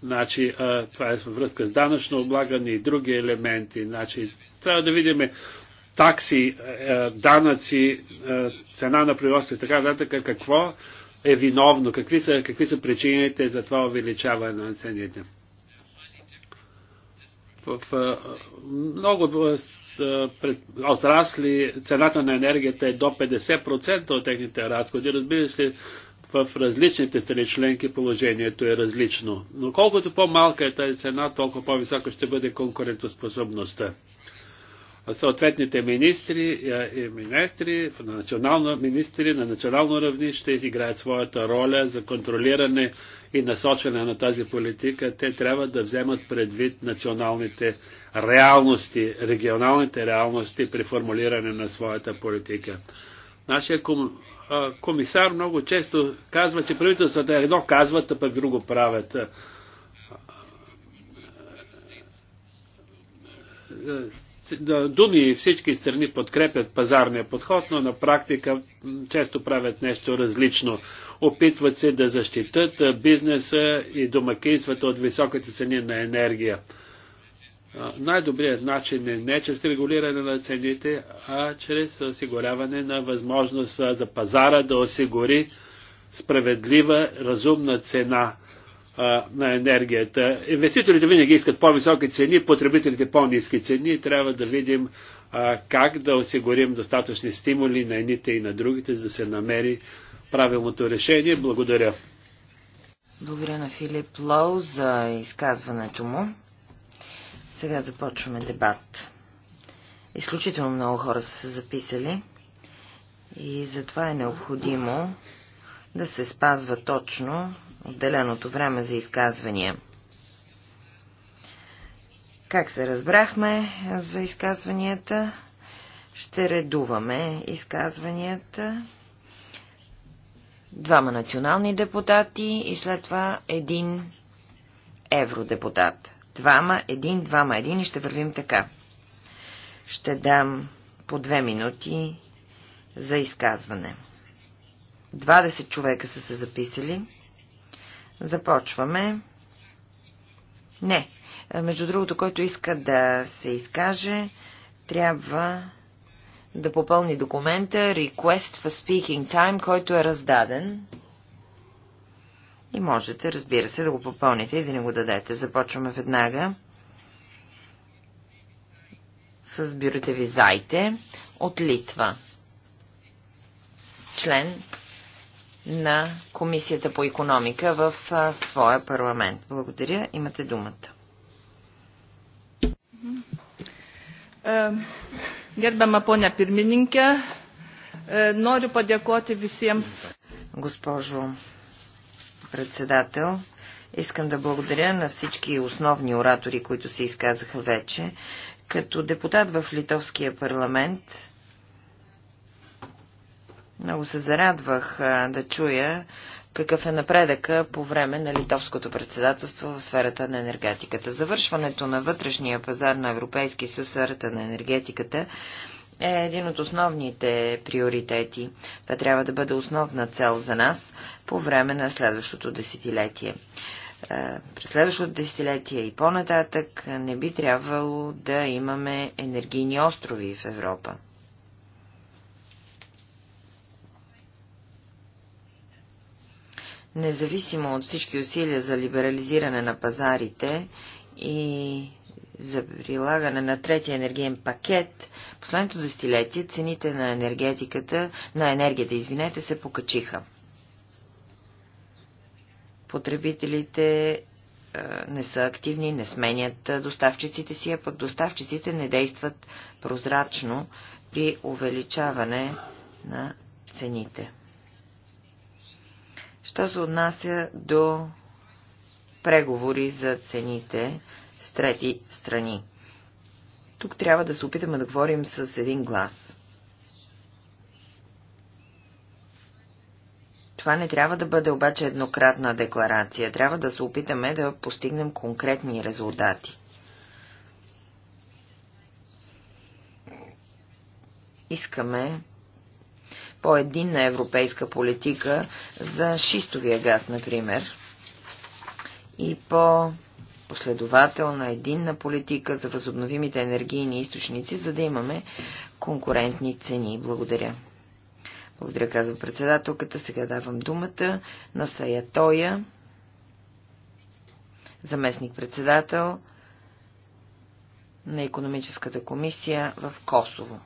Значи, това е във връзка с данъчно облагане и други елементи. Значи, трябва да видим такси, данъци, цена на производство и така нататък, какво е виновно, какви са, какви са причините за това увеличаване на цените в много отрасли цената на енергията е до 50% от техните разходи. Разбира се, в различните страни членки положението е различно. Но колкото по-малка е тази цена, толкова по-висока ще бъде конкурентоспособността съответните министри, е, министри на национално, министри на национално равнище играят своята роля за контролиране и насочване на тази политика. Те трябва да вземат предвид националните реалности, регионалните реалности при формулиране на своята политика. Нашия ком, комисар много често казва, че правителствата едно казват, а пък друго правят думи и всички страни подкрепят пазарния подход, но на практика често правят нещо различно. Опитват се да защитат бизнеса и домакинствата от високите цени на енергия. Най-добрият начин е не чрез регулиране на цените, а чрез осигуряване на възможност за пазара да осигури справедлива, разумна цена – а, на енергията. Инвеститорите винаги искат по-високи цени, потребителите по-низки цени. Трябва да видим а, как да осигурим достатъчни стимули на едните и на другите, за да се намери правилното решение. Благодаря. Благодаря на Филип Лоу за изказването му. Сега започваме дебат. Изключително много хора са се записали и затова е необходимо да се спазва точно отделеното време за изказвания. Как се разбрахме за изказванията? Ще редуваме изказванията. Двама национални депутати и след това един евродепутат. Двама, един, двама, един и ще вървим така. Ще дам по две минути за изказване. 20 човека са се записали. Започваме. Не. Между другото, който иска да се изкаже, трябва да попълни документа Request for Speaking Time, който е раздаден. И можете, разбира се, да го попълните и да не го дадете. Започваме веднага с бюрите Визайте от Литва. Член на Комисията по економика в своя парламент. Благодаря. Имате думата. Gerbiama ponia pirmininkė, е, noriu padėkoti visiems. Госпожо председател, искам да благодаря на всички основни оратори, които се изказаха вече. Като депутат в Литовския парламент, много се зарадвах а, да чуя какъв е напредъка по време на литовското председателство в сферата на енергетиката. Завършването на вътрешния пазар на Европейски съюз в сферата на енергетиката е един от основните приоритети. Това трябва да бъде основна цел за нас по време на следващото десетилетие. През следващото десетилетие и по-нататък не би трябвало да имаме енергийни острови в Европа. Независимо от всички усилия за либерализиране на пазарите и за прилагане на третия енергиен пакет, последното десетилетие цените на енергетиката, на енергията, извинете, се покачиха. Потребителите не са активни, не сменят доставчиците си, а пък доставчиците не действат прозрачно при увеличаване на цените. Що се отнася до преговори за цените с трети страни? Тук трябва да се опитаме да говорим с един глас. Това не трябва да бъде обаче еднократна декларация. Трябва да се опитаме да постигнем конкретни резултати. Искаме по-единна европейска политика за шистовия газ, например, и по последователна, единна политика за възобновимите енергийни източници, за да имаме конкурентни цени. Благодаря. Благодаря, казва председателката. Сега давам думата на Саятоя, заместник-председател на економическата комисия в Косово.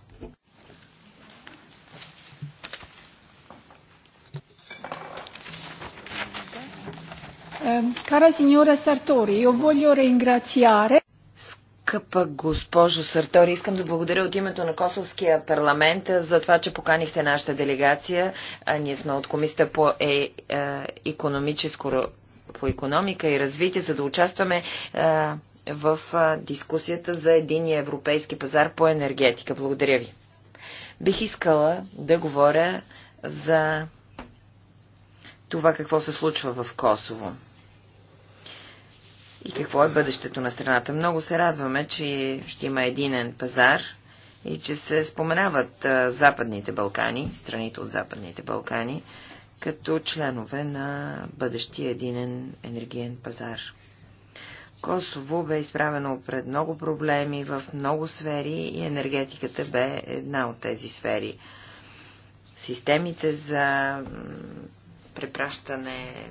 Кара сеньора Сартори, я волю реинграциаре. Скъпа госпожо Сартори, искам да благодаря от името на Косовския парламент за това, че поканихте нашата делегация. Ние сме от комисията по е, е, економическо по економика и развитие, за да участваме е, в е, дискусията за единия европейски пазар по енергетика. Благодаря ви. Бих искала да говоря за това какво се случва в Косово и какво е бъдещето на страната. Много се радваме, че ще има единен пазар и че се споменават Западните Балкани, страните от Западните Балкани, като членове на бъдещия единен енергиен пазар. Косово бе изправено пред много проблеми в много сфери и енергетиката бе една от тези сфери. Системите за препращане,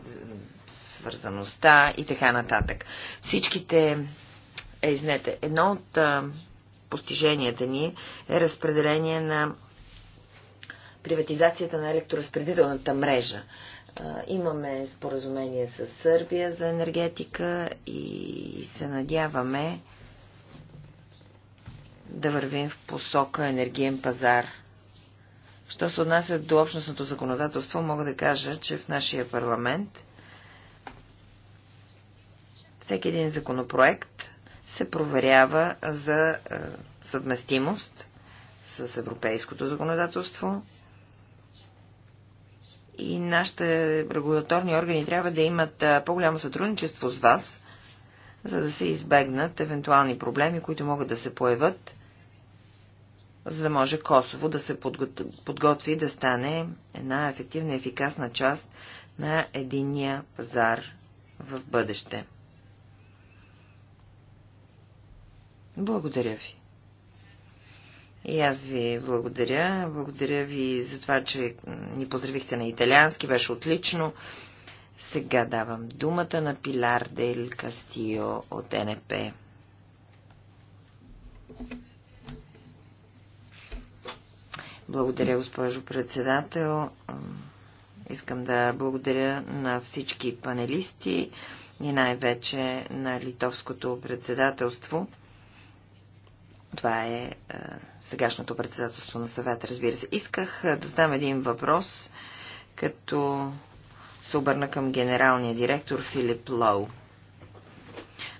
свързаността и така нататък. Всичките, е, изнете, едно от а, постиженията ни е разпределение на приватизацията на електроразпределителната мрежа. Имаме споразумение с Сърбия за енергетика и се надяваме да вървим в посока енергиен пазар. Що се отнася до общностното законодателство, мога да кажа, че в нашия парламент всеки един законопроект се проверява за е, съвместимост с европейското законодателство и нашите регулаторни органи трябва да имат е, по-голямо сътрудничество с вас, за да се избегнат евентуални проблеми, които могат да се появят, за да може Косово да се подготви да стане една ефективна и ефикасна част на единния пазар в бъдеще. Благодаря ви. И аз ви благодаря. Благодаря ви за това, че ни поздравихте на италиански. Беше отлично. Сега давам думата на Пилар Дел Кастио от НП. Благодаря, госпожо председател. Искам да благодаря на всички панелисти и най-вече на литовското председателство. Това е, а, е, сегашното председателство на съвет, разбира се. Исках е, да задам един въпрос, като се обърна към генералния директор Филип Лоу.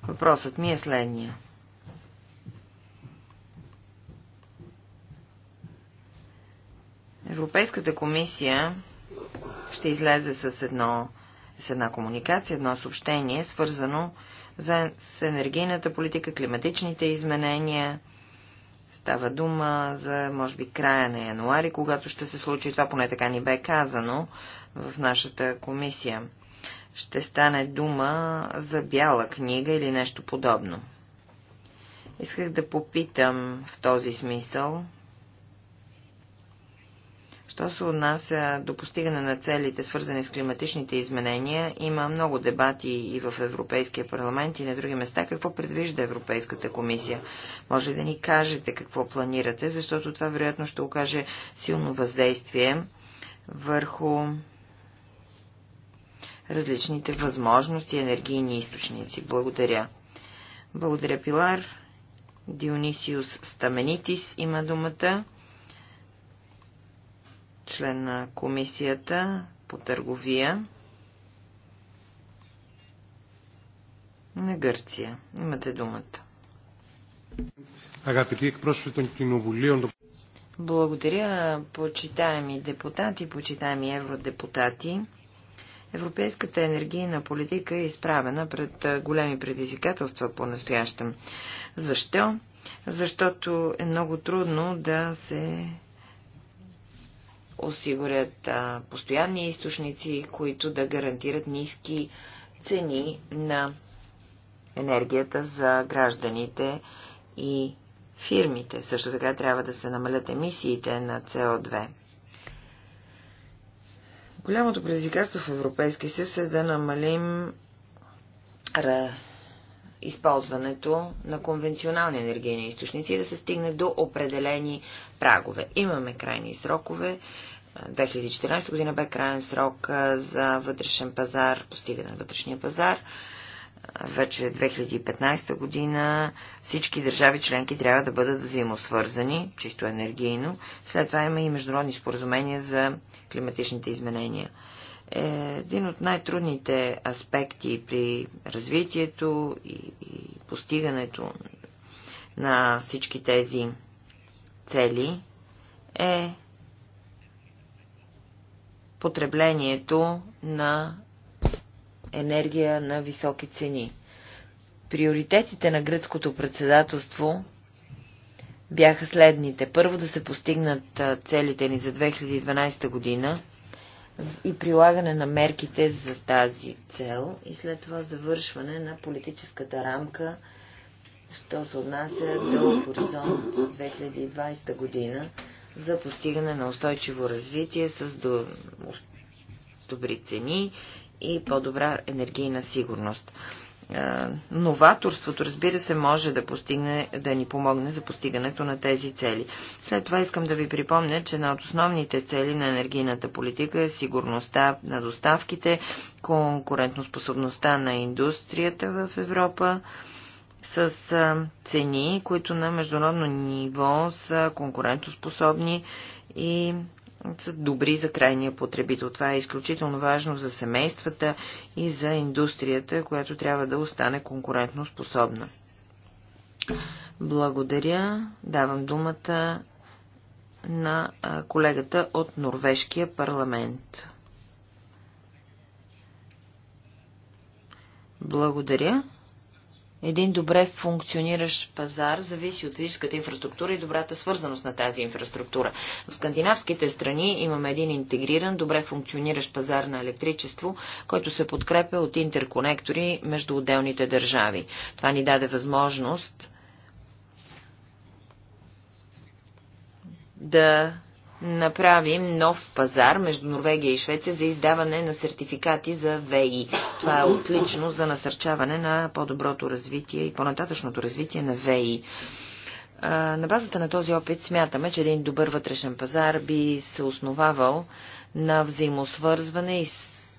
Въпросът ми е следния. Европейската комисия ще излезе с, едно, с една комуникация, едно съобщение, свързано за, с енергийната политика, климатичните изменения Става дума за, може би, края на януари, когато ще се случи това, поне така ни бе казано в нашата комисия. Ще стане дума за бяла книга или нещо подобно. Исках да попитам в този смисъл, Що се отнася до постигане на целите, свързани с климатичните изменения, има много дебати и в Европейския парламент и на други места. Какво предвижда Европейската комисия? Може ли да ни кажете какво планирате, защото това вероятно ще окаже силно въздействие върху различните възможности енергийни източници. Благодаря. Благодаря, Пилар. Дионисиус Стаменитис има думата член на комисията по търговия на Гърция. Имате думата. Агапети Благодаря, почитаеми депутати, почитаеми евродепутати. Европейската енергийна политика е изправена пред големи предизвикателства по-настоящем. Защо? Защото е много трудно да се осигурят а, постоянни източници, които да гарантират ниски цени на енергията за гражданите и фирмите. Също така трябва да се намалят емисиите на CO2. Голямото предизвикателство в Европейския съюз е да намалим използването на конвенционални енергийни източници и да се стигне до определени прагове. Имаме крайни срокове. 2014 година бе крайен срок за вътрешен пазар, постигане на вътрешния пазар. Вече 2015 година всички държави членки трябва да бъдат взаимосвързани, чисто енергийно. След това има и международни споразумения за климатичните изменения. Е един от най-трудните аспекти при развитието и, и постигането на всички тези цели е потреблението на енергия на високи цени. Приоритетите на гръцкото председателство бяха следните. Първо да се постигнат целите ни за 2012 година и прилагане на мерките за тази цел и след това завършване на политическата рамка, що се отнася до хоризонт 2020 година за постигане на устойчиво развитие с до... добри цени и по-добра енергийна сигурност. Е, новаторството, разбира се, може да, постигне, да ни помогне за постигането на тези цели. След това искам да ви припомня, че една от основните цели на енергийната политика е сигурността на доставките, конкурентоспособността на индустрията в Европа с е, цени, които на международно ниво са конкурентоспособни и са добри за крайния потребител. Това е изключително важно за семействата и за индустрията, която трябва да остане конкурентно способна. Благодаря. Давам думата на колегата от Норвежкия парламент. Благодаря. Един добре функциониращ пазар зависи от физическата инфраструктура и добрата свързаност на тази инфраструктура. В скандинавските страни имаме един интегриран, добре функциониращ пазар на електричество, който се подкрепя от интерконектори между отделните държави. Това ни даде възможност да направим нов пазар между Норвегия и Швеция за издаване на сертификати за ВИ. Това е отлично за насърчаване на по-доброто развитие и по-нататъчното развитие на ВИ. На базата на този опит смятаме, че един добър вътрешен пазар би се основавал на взаимосвързване и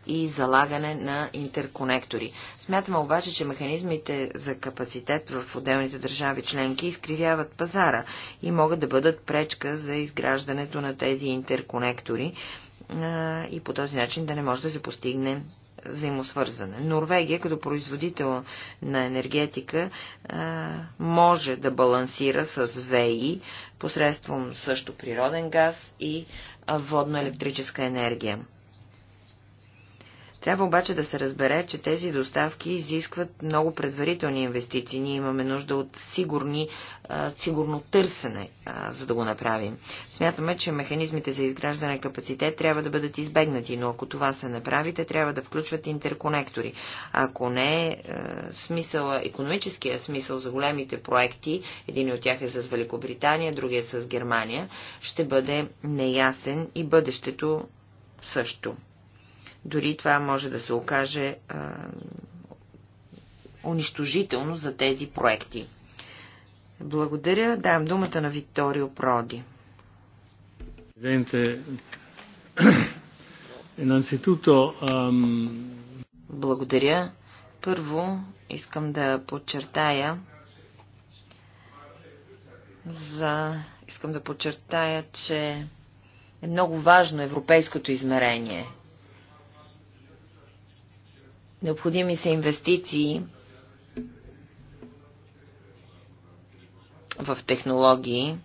и залагане на интерконектори. Смятаме обаче, че механизмите за капацитет в отделните държави членки изкривяват пазара и могат да бъдат пречка за изграждането на тези интерконектори и по този начин да не може да се постигне взаимосвързане. Норвегия, като производител на енергетика, може да балансира с ВИ посредством също природен газ и водно-електрическа енергия. Трябва обаче да се разбере, че тези доставки изискват много предварителни инвестиции. Ние имаме нужда от сигурни, сигурно търсене, за да го направим. Смятаме, че механизмите за изграждане на капацитет трябва да бъдат избегнати, но ако това се направи, те трябва да включват интерконектори. Ако не, е, смисъл, економическия смисъл за големите проекти, един от тях е с Великобритания, другия е с Германия, ще бъде неясен и бъдещето също. Дори това може да се окаже а, унищожително за тези проекти. Благодаря. Давам думата на Викторио Проди. Благодаря. Първо искам да подчертая за... Искам да подчертая, че е много важно европейското измерение – Необходими са инвестиции в технологии,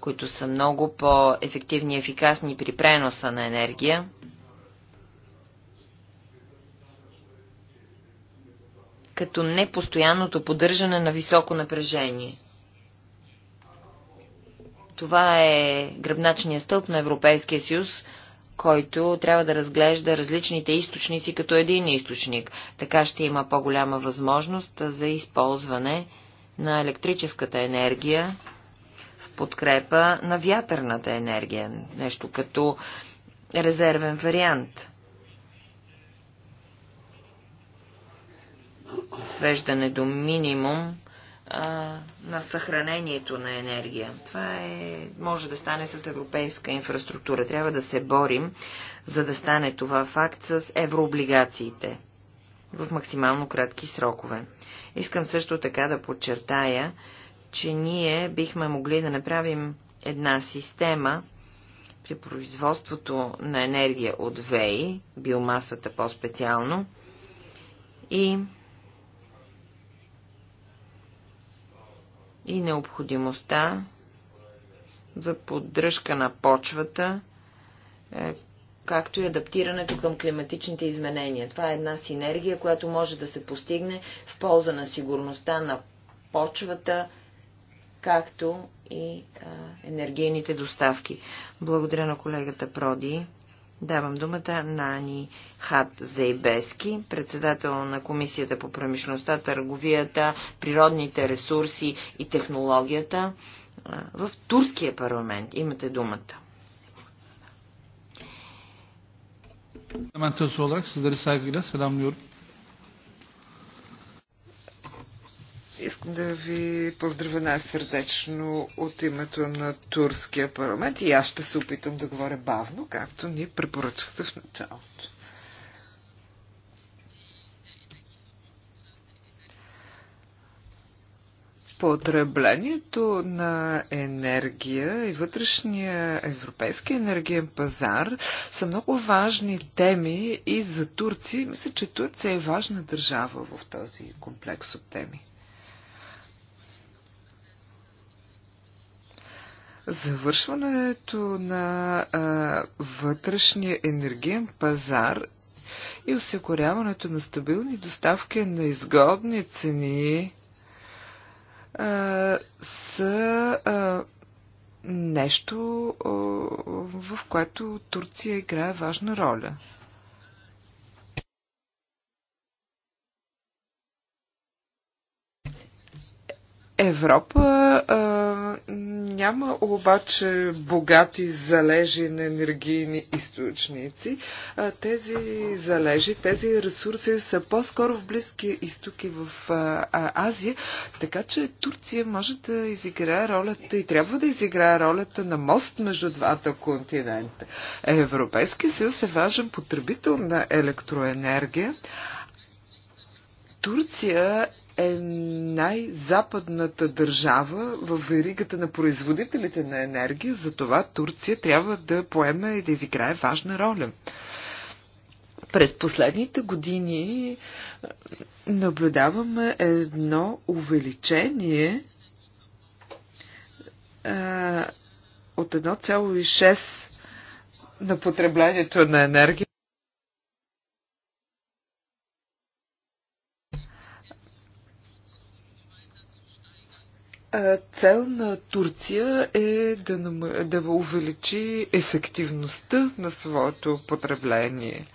които са много по-ефективни и ефикасни при преноса на енергия. като непостоянното поддържане на високо напрежение. Това е гръбначният стълб на Европейския съюз, който трябва да разглежда различните източници като един източник. Така ще има по-голяма възможност за използване на електрическата енергия в подкрепа на вятърната енергия. Нещо като резервен вариант. Свеждане до минимум на съхранението на енергия. Това е, може да стане с европейска инфраструктура. Трябва да се борим, за да стане това факт с еврооблигациите в максимално кратки срокове. Искам също така да подчертая, че ние бихме могли да направим една система при производството на енергия от ВЕИ, биомасата по-специално, и и необходимостта за поддръжка на почвата, е, както и адаптирането към климатичните изменения. Това е една синергия, която може да се постигне в полза на сигурността на почвата, както и енергийните доставки. Благодаря на колегата Проди Давам думата на Ани Хат Зейбески, председател на Комисията по промишлеността, търговията, природните ресурси и технологията в Турския парламент. Имате думата. Hemen söz olarak sizleri saygıyla Искам да ви поздравя най-сърдечно от името на Турския парламент и аз ще се опитам да говоря бавно, както ни препоръчахте в началото. потреблението на енергия и вътрешния европейски енергиен пазар са много важни теми и за Турция. Мисля, че Турция е важна държава в този комплекс от теми. Завършването на а, вътрешния енергиен пазар и осигуряването на стабилни доставки на изгодни цени а, са а, нещо, а, в което Турция играе важна роля. Европа а, няма обаче богати залежи на енергийни източници. Тези залежи, тези ресурси са по-скоро в Близкия изток и в Азия, така че Турция може да изиграе ролята и трябва да изиграе ролята на мост между двата континента. Европейския съюз е важен потребител на електроенергия. Турция е най-западната държава в веригата на производителите на енергия, затова Турция трябва да поеме и да изиграе важна роля. През последните години е, наблюдаваме едно увеличение е, от 1,6 на потреблението на енергия. Цел на Турция е да, да увеличи ефективността на своето потребление.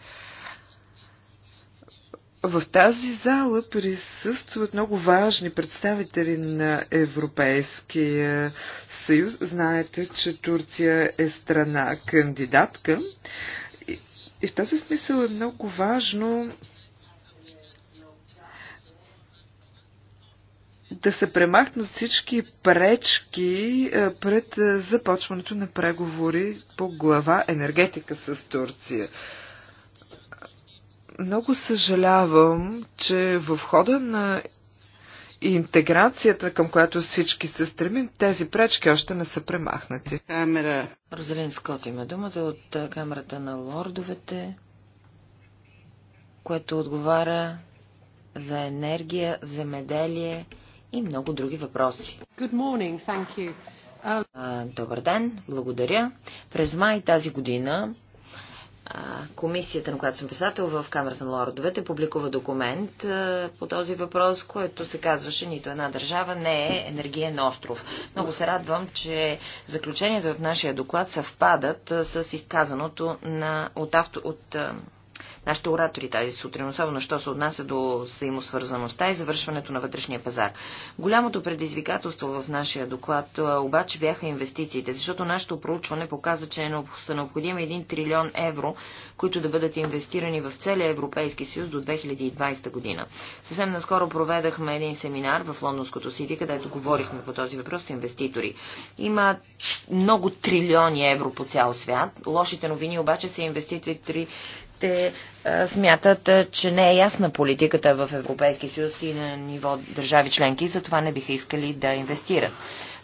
В тази зала присъстват много важни представители на Европейския съюз. Знаете, че Турция е страна кандидатка. И в този смисъл е много важно да се премахнат всички пречки е, пред е, започването на преговори по глава енергетика с Турция. Много съжалявам, че в хода на интеграцията, към която всички се стремим, тези пречки още не са премахнати. Камера. Розалин Скот има думата от е, Камерата на лордовете, което отговаря за енергия, земеделие, и много други въпроси. Good morning, thank you. Uh... Добър ден, благодаря. През май тази година комисията, на която съм писател в Камерата на лордовете, публикува документ по този въпрос, който се казваше нито една държава не е енергиен остров. Много се радвам, че заключенията в нашия доклад съвпадат с изказаното на, от, авто, от нашите оратори тази сутрин, особено що се отнася до взаимосвързаността и завършването на вътрешния пазар. Голямото предизвикателство в нашия доклад обаче бяха инвестициите, защото нашето проучване показа, че е са необходими 1 трилион евро, които да бъдат инвестирани в целия Европейски съюз до 2020 година. Съвсем наскоро проведахме един семинар в Лондонското Сити, където говорихме по този въпрос с инвеститори. Има много трилиони евро по цял свят. Лошите новини обаче са инвеститори те е, смятат, е, че не е ясна политиката в Европейския съюз и на ниво държави членки, затова не биха искали да инвестират.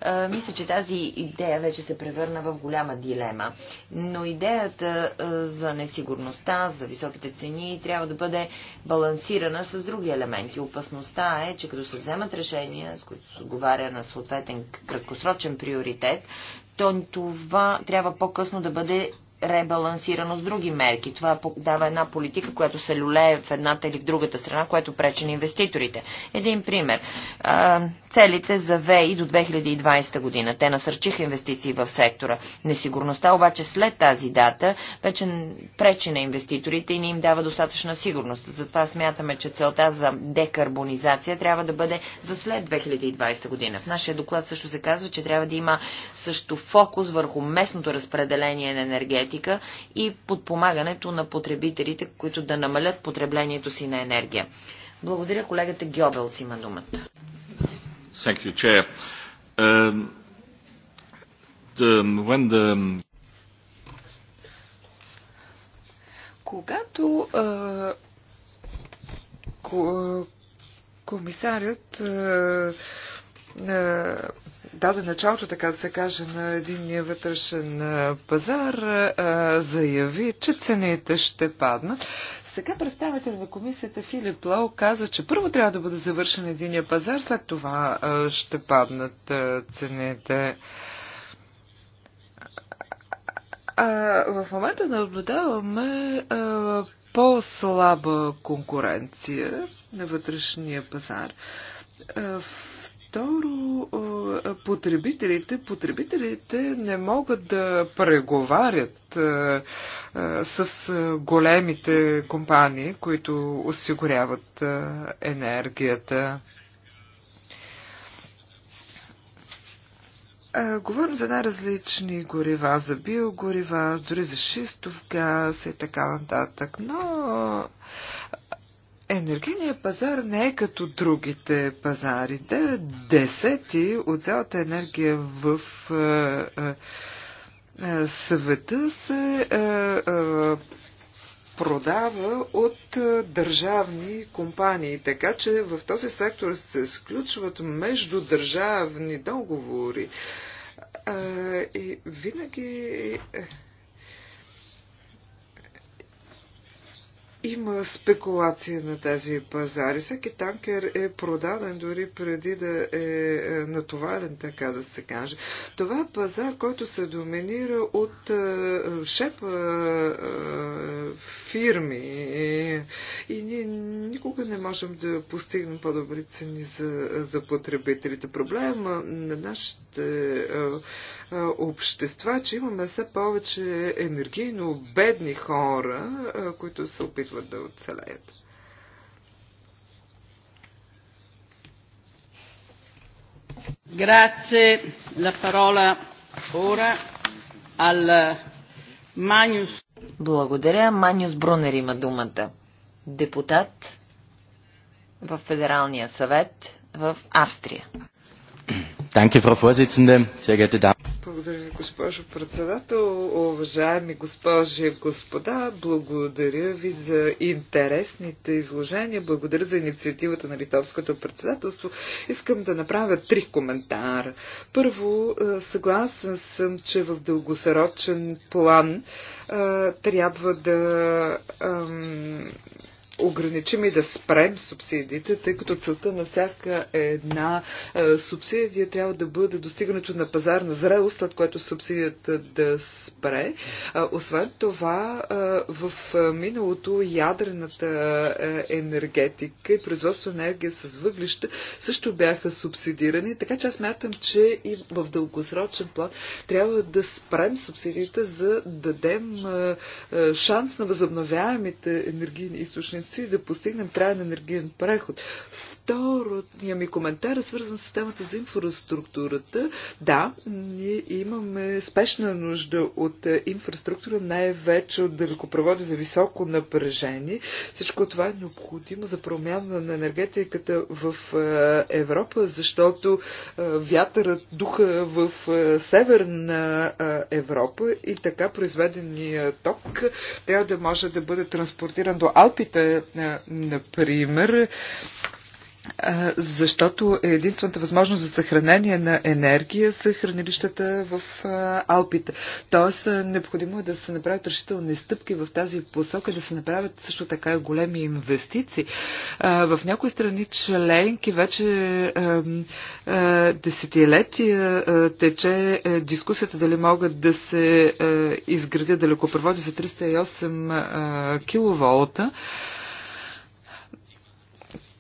Е, мисля, че тази идея вече се превърна в голяма дилема. Но идеята за несигурността, за високите цени трябва да бъде балансирана с други елементи. Опасността е, че като се вземат решения, с които се отговаря на съответен краткосрочен приоритет, то това трябва по-късно да бъде ребалансирано с други мерки. Това дава една политика, която се люлее в едната или в другата страна, което пречи на инвеститорите. Един пример. Целите за ВЕИ до 2020 година. Те насърчиха инвестиции в сектора. Несигурността обаче след тази дата вече пречи на инвеститорите и не им дава достатъчна сигурност. Затова смятаме, че целта за декарбонизация трябва да бъде за след 2020 година. В нашия доклад също се казва, че трябва да има също фокус върху местното разпределение на енергия енергетика и подпомагането на потребителите, които да намалят потреблението си на енергия. Благодаря, колегата Гьобелс има думата. Thank you, Chair. Um, the, when the... Когато uh, комисарят uh, даде началото, така да се каже, на един вътрешен пазар, заяви, че цените ще паднат. Сега представител на комисията Филип Лоу каза, че първо трябва да бъде завършен единия пазар, след това ще паднат цените. А, в момента наблюдаваме по-слаба конкуренция на вътрешния пазар. Второ, потребителите, потребителите не могат да преговарят с големите компании, които осигуряват енергията. Говорим за най-различни горива, за биогорива, дори за шистов газ и така нататък, но Енергийният пазар не е като другите пазари. Да, десети от цялата енергия в е, е, е, съвета се продава от държавни компании. Така че в този сектор се сключват между държавни договори. И винаги Има спекулация на тези пазари. Всеки танкер е продаден дори преди да е, е натоварен, така да се каже. Това е пазар, който се доминира от е, шепа е, фирми и ние никога не можем да постигнем по-добри цени за, за потребителите. Проблема на нашите общества, че имаме все повече енергийно бедни хора, които се опитват опитват да оцелеят. Grazie. La parola ora al Маниус. Благодаря. Маниус Брунер има думата. Депутат в Федералния съвет в Австрия. Frau Vorsitzende, sehr geehrte Damen. Благодаря госпожо председател. Уважаеми госпожи и господа, благодаря ви за интересните изложения. Благодаря за инициативата на Литовското председателство. Искам да направя три коментара. Първо, е, съгласен съм, че в дългосрочен план е, трябва да ограничим и да спрем субсидиите, тъй като целта на всяка една е, субсидия трябва да бъде достигането на пазар на зрелост, след което субсидията да спре. Освен това, в миналото ядрената енергетика и производство на енергия с въглища също бяха субсидирани, така че аз мятам, че и в дългосрочен план трябва да спрем субсидиите, за да дадем шанс на възобновяемите енергийни източници инвестиции да постигнем траен енергиен преход. Второтния ми коментар е свързан с темата за инфраструктурата. Да, ние имаме спешна нужда от е, инфраструктура, най-вече от далекопроводи за високо напрежение. Всичко това е необходимо за промяна на енергетиката в е, Европа, защото е, вятърът духа в северна Европа и така произведения ток трябва да може да бъде транспортиран до Алпите е, например, е, защото е единствената възможност за съхранение на енергия са хранилищата в е, Алпите. Тоест, необходимо е да се направят решителни стъпки в тази посока, да се направят също така и големи инвестиции. В някои страни членки вече десетилетия тече дискусията дали могат да се изградят далекопроводи за 308 киловолта.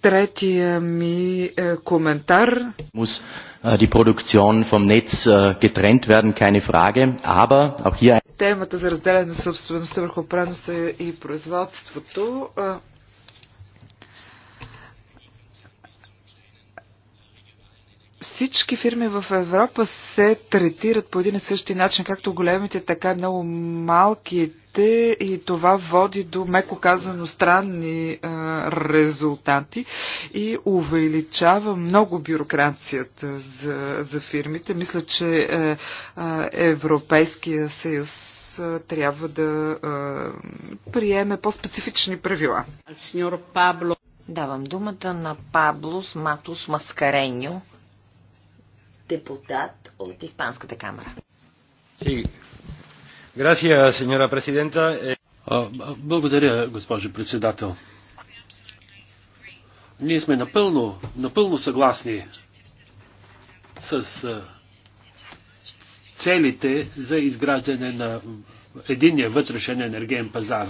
Третия ми е, коментар. Muss е, die Produktion vom Netz е, getrennt werden, keine Frage, aber auch hier Темата за разделяне на собствеността върху преноса и производството е, всички фирми в Европа се третират по един и същи начин, както големите, така и много малките и това води до, меко казано, странни а, резултати и увеличава много бюрокрацията за, за фирмите. Мисля, че а, Европейския съюз а, трябва да а, приеме по-специфични правила. Давам думата на Паблос Матус Маскареньо депутат от Испанската камера. Sí. Gracias, señora presidenta. Eh, благодаря, госпожо председател. Ние сме напълно, напълно съгласни с целите за изграждане на единия вътрешен енергиен пазар.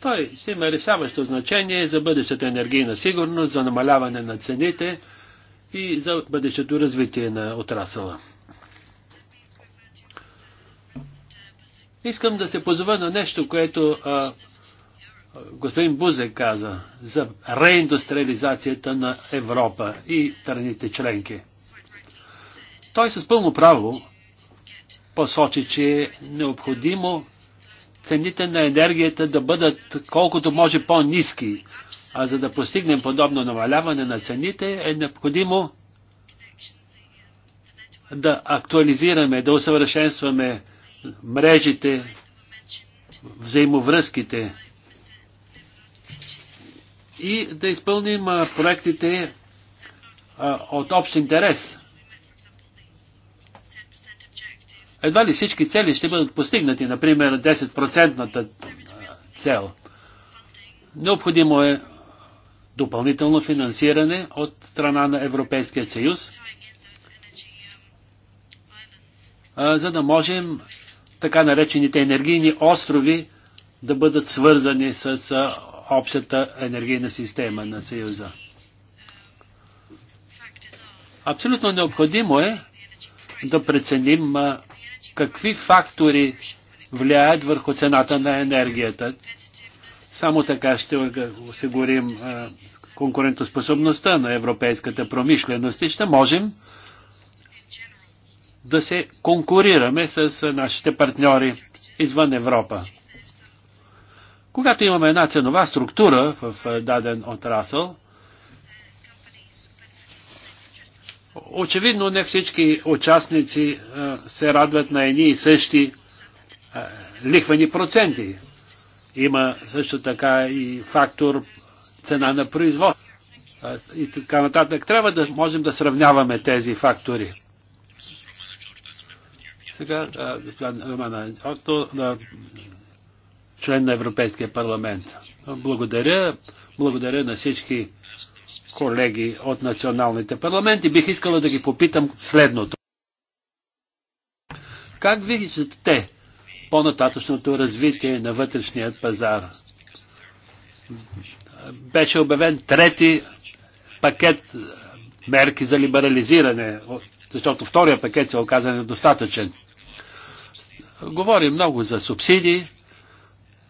Той ще има решаващо значение за бъдещата енергийна сигурност, за намаляване на цените, и за бъдещето развитие на отрасъла. Искам да се позова на нещо, което а, господин Бузе каза за реиндустриализацията на Европа и страните членки. Той с пълно право посочи, че е необходимо цените на енергията да бъдат колкото може по-низки. А за да постигнем подобно намаляване на цените е необходимо да актуализираме, да усъвършенстваме мрежите, взаимовръзките и да изпълним проектите от общ интерес едва ли всички цели ще бъдат постигнати, например 10 цел. Необходимо е допълнително финансиране от страна на Европейския съюз, за да можем така наречените енергийни острови да бъдат свързани с общата енергийна система на Съюза. Абсолютно необходимо е да преценим какви фактори влияят върху цената на енергията. Само така ще осигурим конкурентоспособността на европейската промишленост и ще можем да се конкурираме с нашите партньори извън Европа. Когато имаме една ценова структура в даден отрасъл, Очевидно не всички участници е, се радват на едни и същи е, лихвени проценти. Има също така и фактор цена на производство е, и така нататък. Трябва да можем да сравняваме тези фактори. Сега господин Романа Отто, член на Европейския парламент. Благодаря. Благодаря на всички колеги от националните парламенти, бих искала да ги попитам следното. Как виждате по-нататъчното развитие на вътрешният пазар? Беше обявен трети пакет мерки за либерализиране, защото втория пакет се оказа недостатъчен. Говори много за субсидии,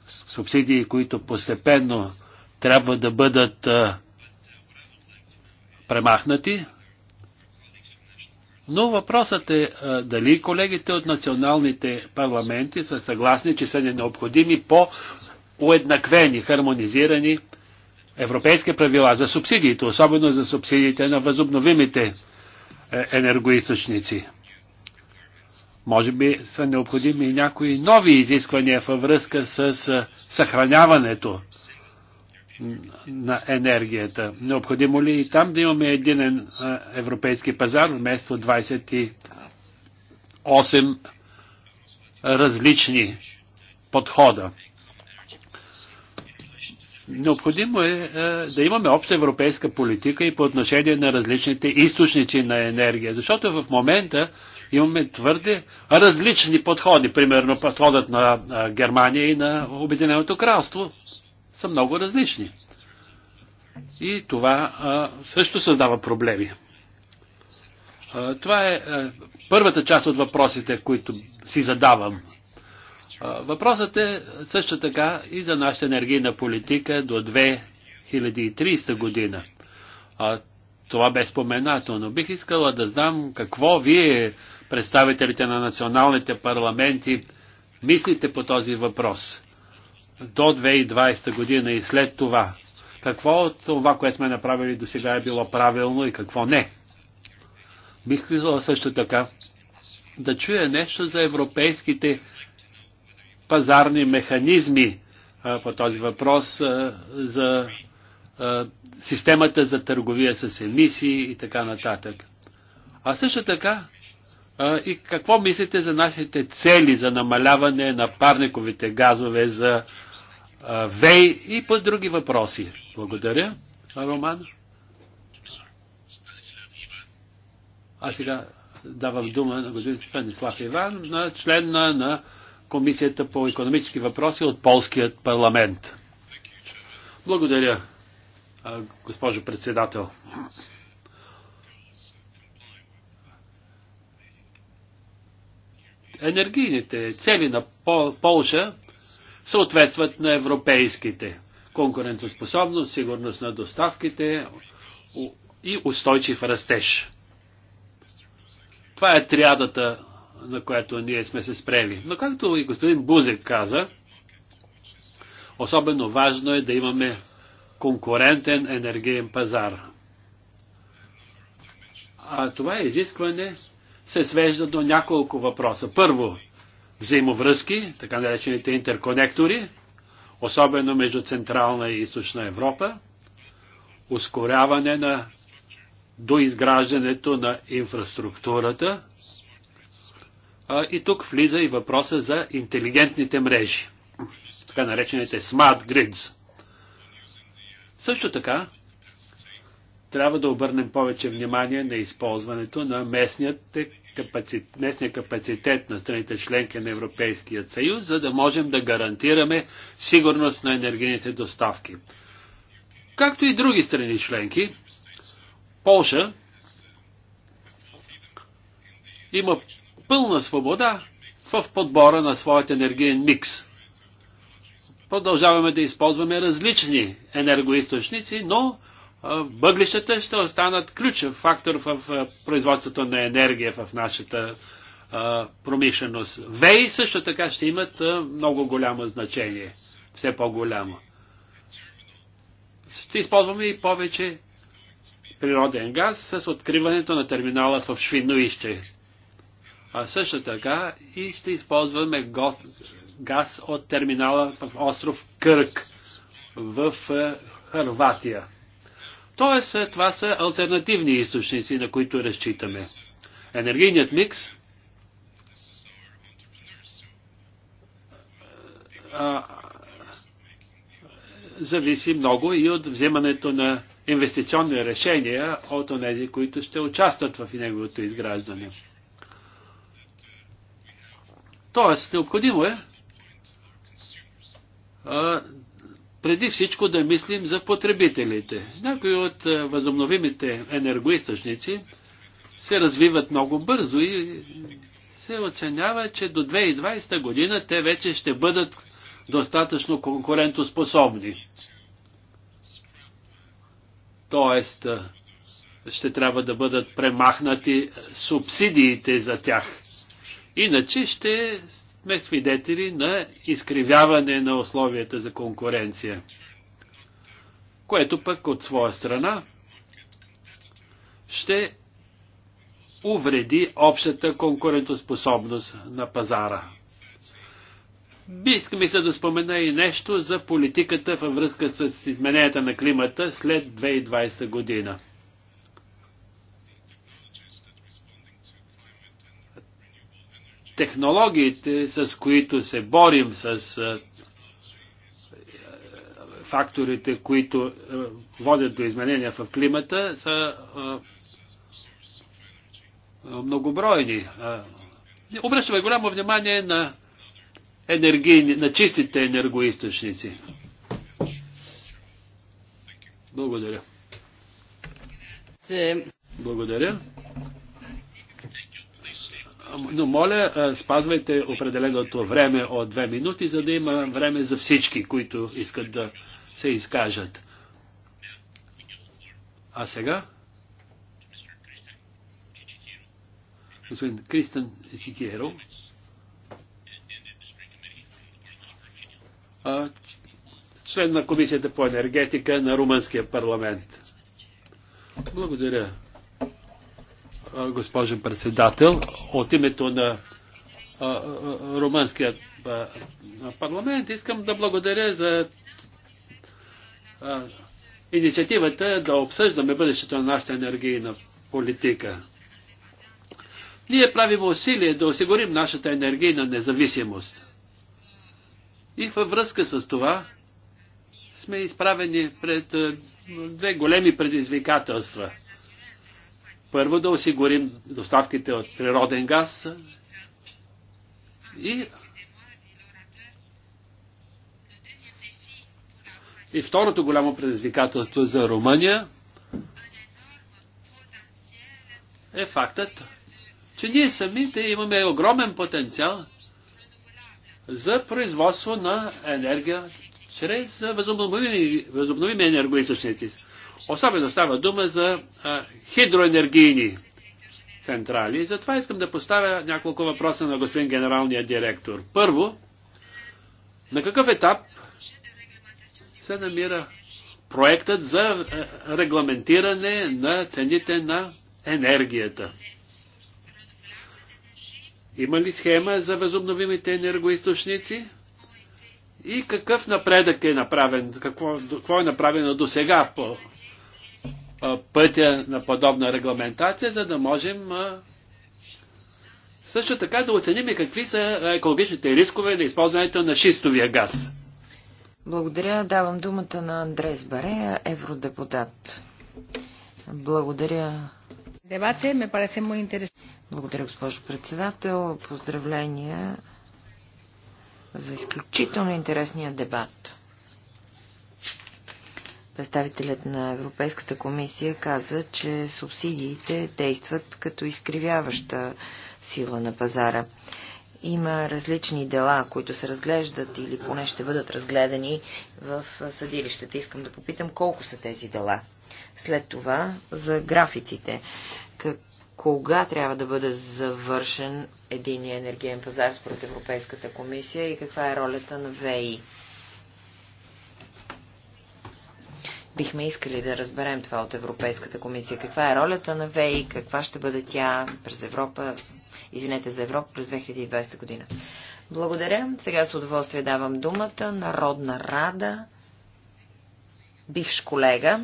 субсидии, които постепенно трябва да бъдат а, премахнати. Но въпросът е дали колегите от националните парламенти са съгласни, че са необходими по-уеднаквени, хармонизирани европейски правила за субсидиите, особено за субсидиите на възобновимите е, енергоисточници. Може би са необходими и някои нови изисквания във връзка с съхраняването на енергията. Необходимо ли е и там да имаме един е, европейски пазар вместо 28 е, различни подхода? Необходимо е да имаме обща европейска политика и по отношение на различните източници на енергия, защото в момента имаме твърде различни подходи. Примерно подходът на Германия и на Обединеното кралство са много различни. И това а, също създава проблеми. А, това е а, първата част от въпросите, които си задавам. А, въпросът е също така и за нашата енергийна политика до 2030 година. А, това бе споменато, но бих искала да знам какво вие, представителите на националните парламенти, мислите по този въпрос до 2020 година и след това. Какво от това, което сме направили до сега е било правилно и какво не? Бих казал също така да чуя нещо за европейските пазарни механизми а, по този въпрос а, за а, системата за търговия с емисии и така нататък. А също така и какво мислите за нашите цели за намаляване на парниковите газове за ВЕЙ и по други въпроси. Благодаря, Роман. А сега давам дума на господин Станислав Иван, на член на, на Комисията по економически въпроси от Полският парламент. Благодаря, госпожо председател. Енергийните цели на Пол, Полша съответстват на европейските. Конкурентоспособност, сигурност на доставките и устойчив растеж. Това е триадата, на която ние сме се спрели. Но както и господин Бузек каза, особено важно е да имаме конкурентен енергиен пазар. А това изискване се свежда до няколко въпроса. Първо, взаимовръзки, така наречените интерконектори, особено между Централна и Източна Европа, ускоряване на доизграждането на инфраструктурата. А, и тук влиза и въпроса за интелигентните мрежи, така наречените smart grids. Също така, трябва да обърнем повече внимание на използването на местните капацит, местния капацитет на страните членки на Европейския съюз, за да можем да гарантираме сигурност на енергийните доставки. Както и други страни членки, Полша има пълна свобода в подбора на своят енергиен микс. Продължаваме да използваме различни енергоисточници, но въглищата ще останат ключов фактор в производството на енергия в нашата промишленост. ВЕИ също така ще имат много голямо значение, все по-голямо. Ще използваме и повече природен газ с откриването на терминала в Швиноище. А също така и ще използваме газ от терминала в остров Кърк в Харватия. Тоест, е, това са альтернативни източници, на които разчитаме. Енергийният микс е, а, зависи много и от вземането на инвестиционни решения от онези, които ще участват в неговото изграждане. Тоест, необходимо е преди всичко да мислим за потребителите. Някои от е, възобновимите енергоисточници се развиват много бързо и се оценява, че до 2020 година те вече ще бъдат достатъчно конкурентоспособни. Тоест, е, ще трябва да бъдат премахнати субсидиите за тях. Иначе ще сме свидетели на изкривяване на условията за конкуренция, което пък от своя страна ще увреди общата конкурентоспособност на пазара. Биск ми се да спомена и нещо за политиката във връзка с измененията на климата след 2020 година. технологиите, с които се борим с факторите, които водят до изменения в климата, са многобройни. Обръщаме голямо внимание на, енергийни, на чистите енергоисточници. Благодаря. Благодаря но моля, спазвайте определеното време от две минути, за да има време за всички, които искат да се изкажат. А сега? Господин Кристен Чикиеро. Член на Комисията по енергетика на Румънския парламент. Благодаря госпожо председател. От името на Румънския парламент искам да благодаря за инициативата да обсъждаме бъдещето на нашата енергийна политика. Ние правим усилие да осигурим нашата енергийна независимост. И във връзка с това сме изправени пред две големи предизвикателства – първо да осигурим доставките от природен газ и И второто голямо предизвикателство за Румъния е фактът, че ние самите имаме огромен потенциал за производство на енергия чрез възобновими, възобновими енергоисъчници. Особено става дума за а, хидроенергийни централи. Затова искам да поставя няколко въпроса на господин генералния директор. Първо, на какъв етап се намира проектът за регламентиране на цените на енергията? Има ли схема за възобновимите енергоисточници? И какъв напредък е направен, какво, какво е направено до сега по пътя на подобна регламентация, за да можем също така да оценим и какви са екологичните рискове на използването на шистовия газ. Благодаря. Давам думата на Андрес Барея, евродепутат. Благодаря. Дебате ме парece muy интересно. Благодаря, госпожо председател. Поздравления за изключително интересния дебат. Представителят на Европейската комисия каза, че субсидиите действат като изкривяваща сила на пазара. Има различни дела, които се разглеждат или поне ще бъдат разгледани в съдилищата. Искам да попитам колко са тези дела. След това за графиците. Как, кога трябва да бъде завършен единия енергиен пазар според Европейската комисия и каква е ролята на ВЕИ? Бихме искали да разберем това от Европейската комисия. Каква е ролята на ВЕИ, каква ще бъде тя през Европа, извинете за Европа, през 2020 година. Благодаря. Сега с удоволствие давам думата на Родна Рада, бивш колега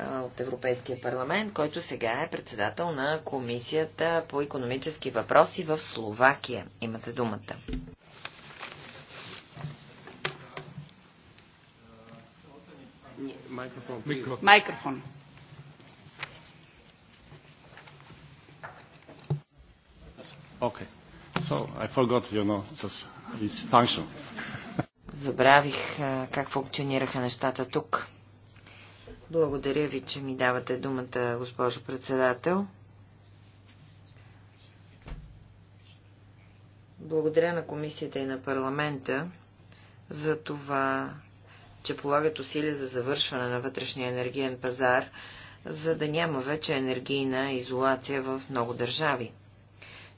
от Европейския парламент, който сега е председател на Комисията по економически въпроси в Словакия. Имате думата. Microphone, please. Microphone. Okay. So, I forgot, you know, just its function. Забравих как функционираха нещата тук. Благодаря ви, че ми давате думата, госпожо председател. Благодаря на комисията и на парламента за това, че полагат усилия за завършване на вътрешния енергиен пазар, за да няма вече енергийна изолация в много държави.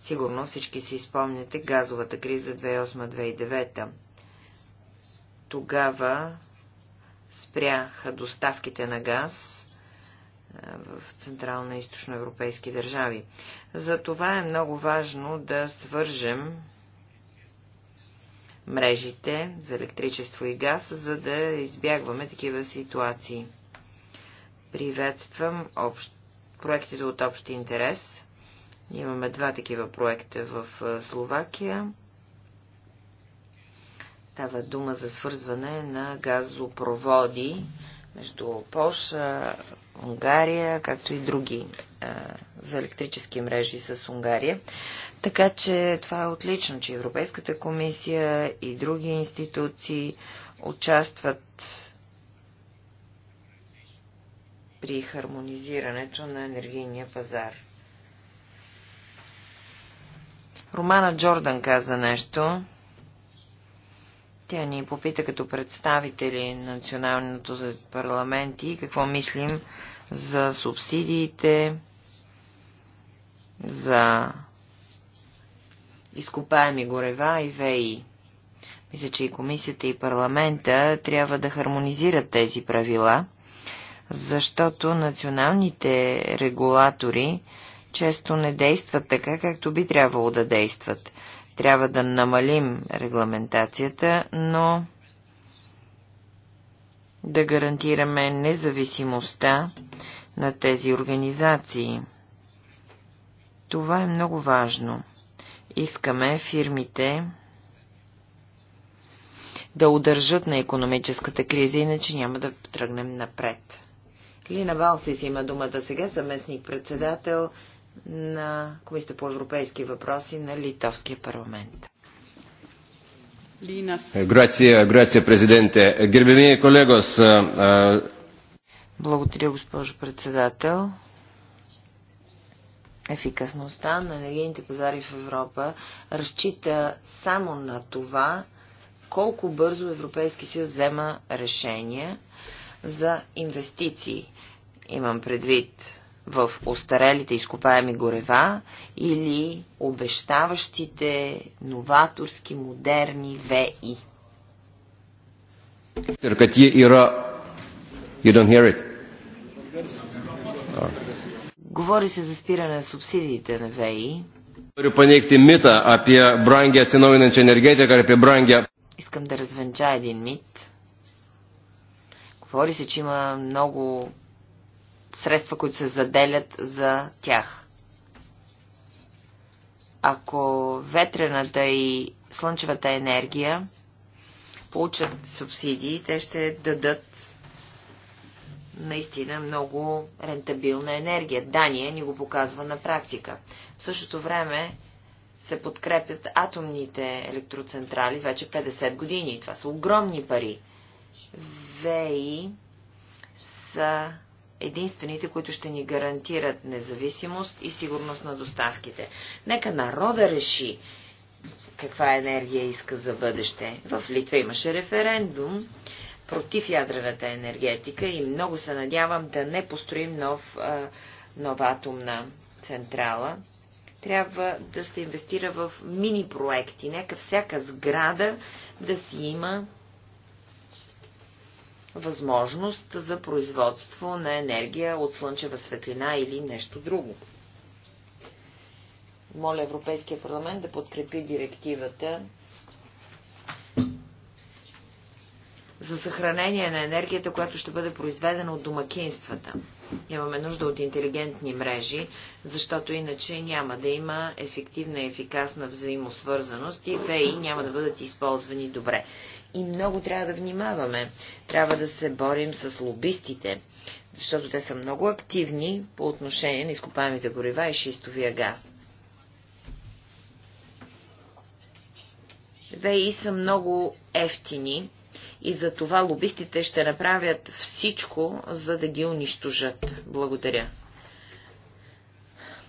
Сигурно всички си изпомняте газовата криза 2008-2009. Тогава спряха доставките на газ в Централна и държави. За това е много важно да свържем мрежите за електричество и газ, за да избягваме такива ситуации. Приветствам общ... проектите от общ интерес. Имаме два такива проекта в Словакия. Става дума за свързване на газопроводи между Польша, Унгария, както и други а, за електрически мрежи с Унгария. Така че това е отлично, че Европейската комисия и други институции участват при хармонизирането на енергийния пазар. Романа Джордан каза нещо. Тя ни попита като представители на националното парламент и какво мислим за субсидиите, за изкопаеми горева и веи. Мисля, че и комисията и парламента трябва да хармонизират тези правила, защото националните регулатори често не действат така, както би трябвало да действат трябва да намалим регламентацията, но да гарантираме независимостта на тези организации. Това е много важно. Искаме фирмите да удържат на економическата криза, иначе няма да тръгнем напред. Лина Валсис има думата сега, съместник председател на Комисията по европейски въпроси на Литовския парламент. Грация, грация, президенте. Гербеми колегос. Благодаря, госпожо председател. Ефикасността на енергийните пазари в Европа разчита само на това, колко бързо Европейски съюз взема решения за инвестиции. Имам предвид в остарелите изкопаеми горева или обещаващите новаторски модерни ВИ. Говори се за спиране на субсидиите на ВИ. енергетика, Искам да развенча един мит. Говори се, че има много средства, които се заделят за тях. Ако ветрената и слънчевата енергия получат субсидии, те ще дадат наистина много рентабилна енергия. Дания ни го показва на практика. В същото време се подкрепят атомните електроцентрали вече 50 години. Това са огромни пари. ВЕИ са единствените, които ще ни гарантират независимост и сигурност на доставките. Нека народа реши каква енергия иска за бъдеще. В Литва имаше референдум против ядрената енергетика и много се надявам да не построим нов, нова атомна централа. Трябва да се инвестира в мини проекти. Нека всяка сграда да си има възможност за производство на енергия от слънчева светлина или нещо друго. Моля Европейския парламент да подкрепи директивата за съхранение на енергията, която ще бъде произведена от домакинствата. Имаме нужда от интелигентни мрежи, защото иначе няма да има ефективна и ефикасна взаимосвързаност и ВИ няма да бъдат използвани добре и много трябва да внимаваме. Трябва да се борим с лобистите, защото те са много активни по отношение на изкопаемите горива и шистовия газ. ВИ са много ефтини и за това лобистите ще направят всичко, за да ги унищожат. Благодаря.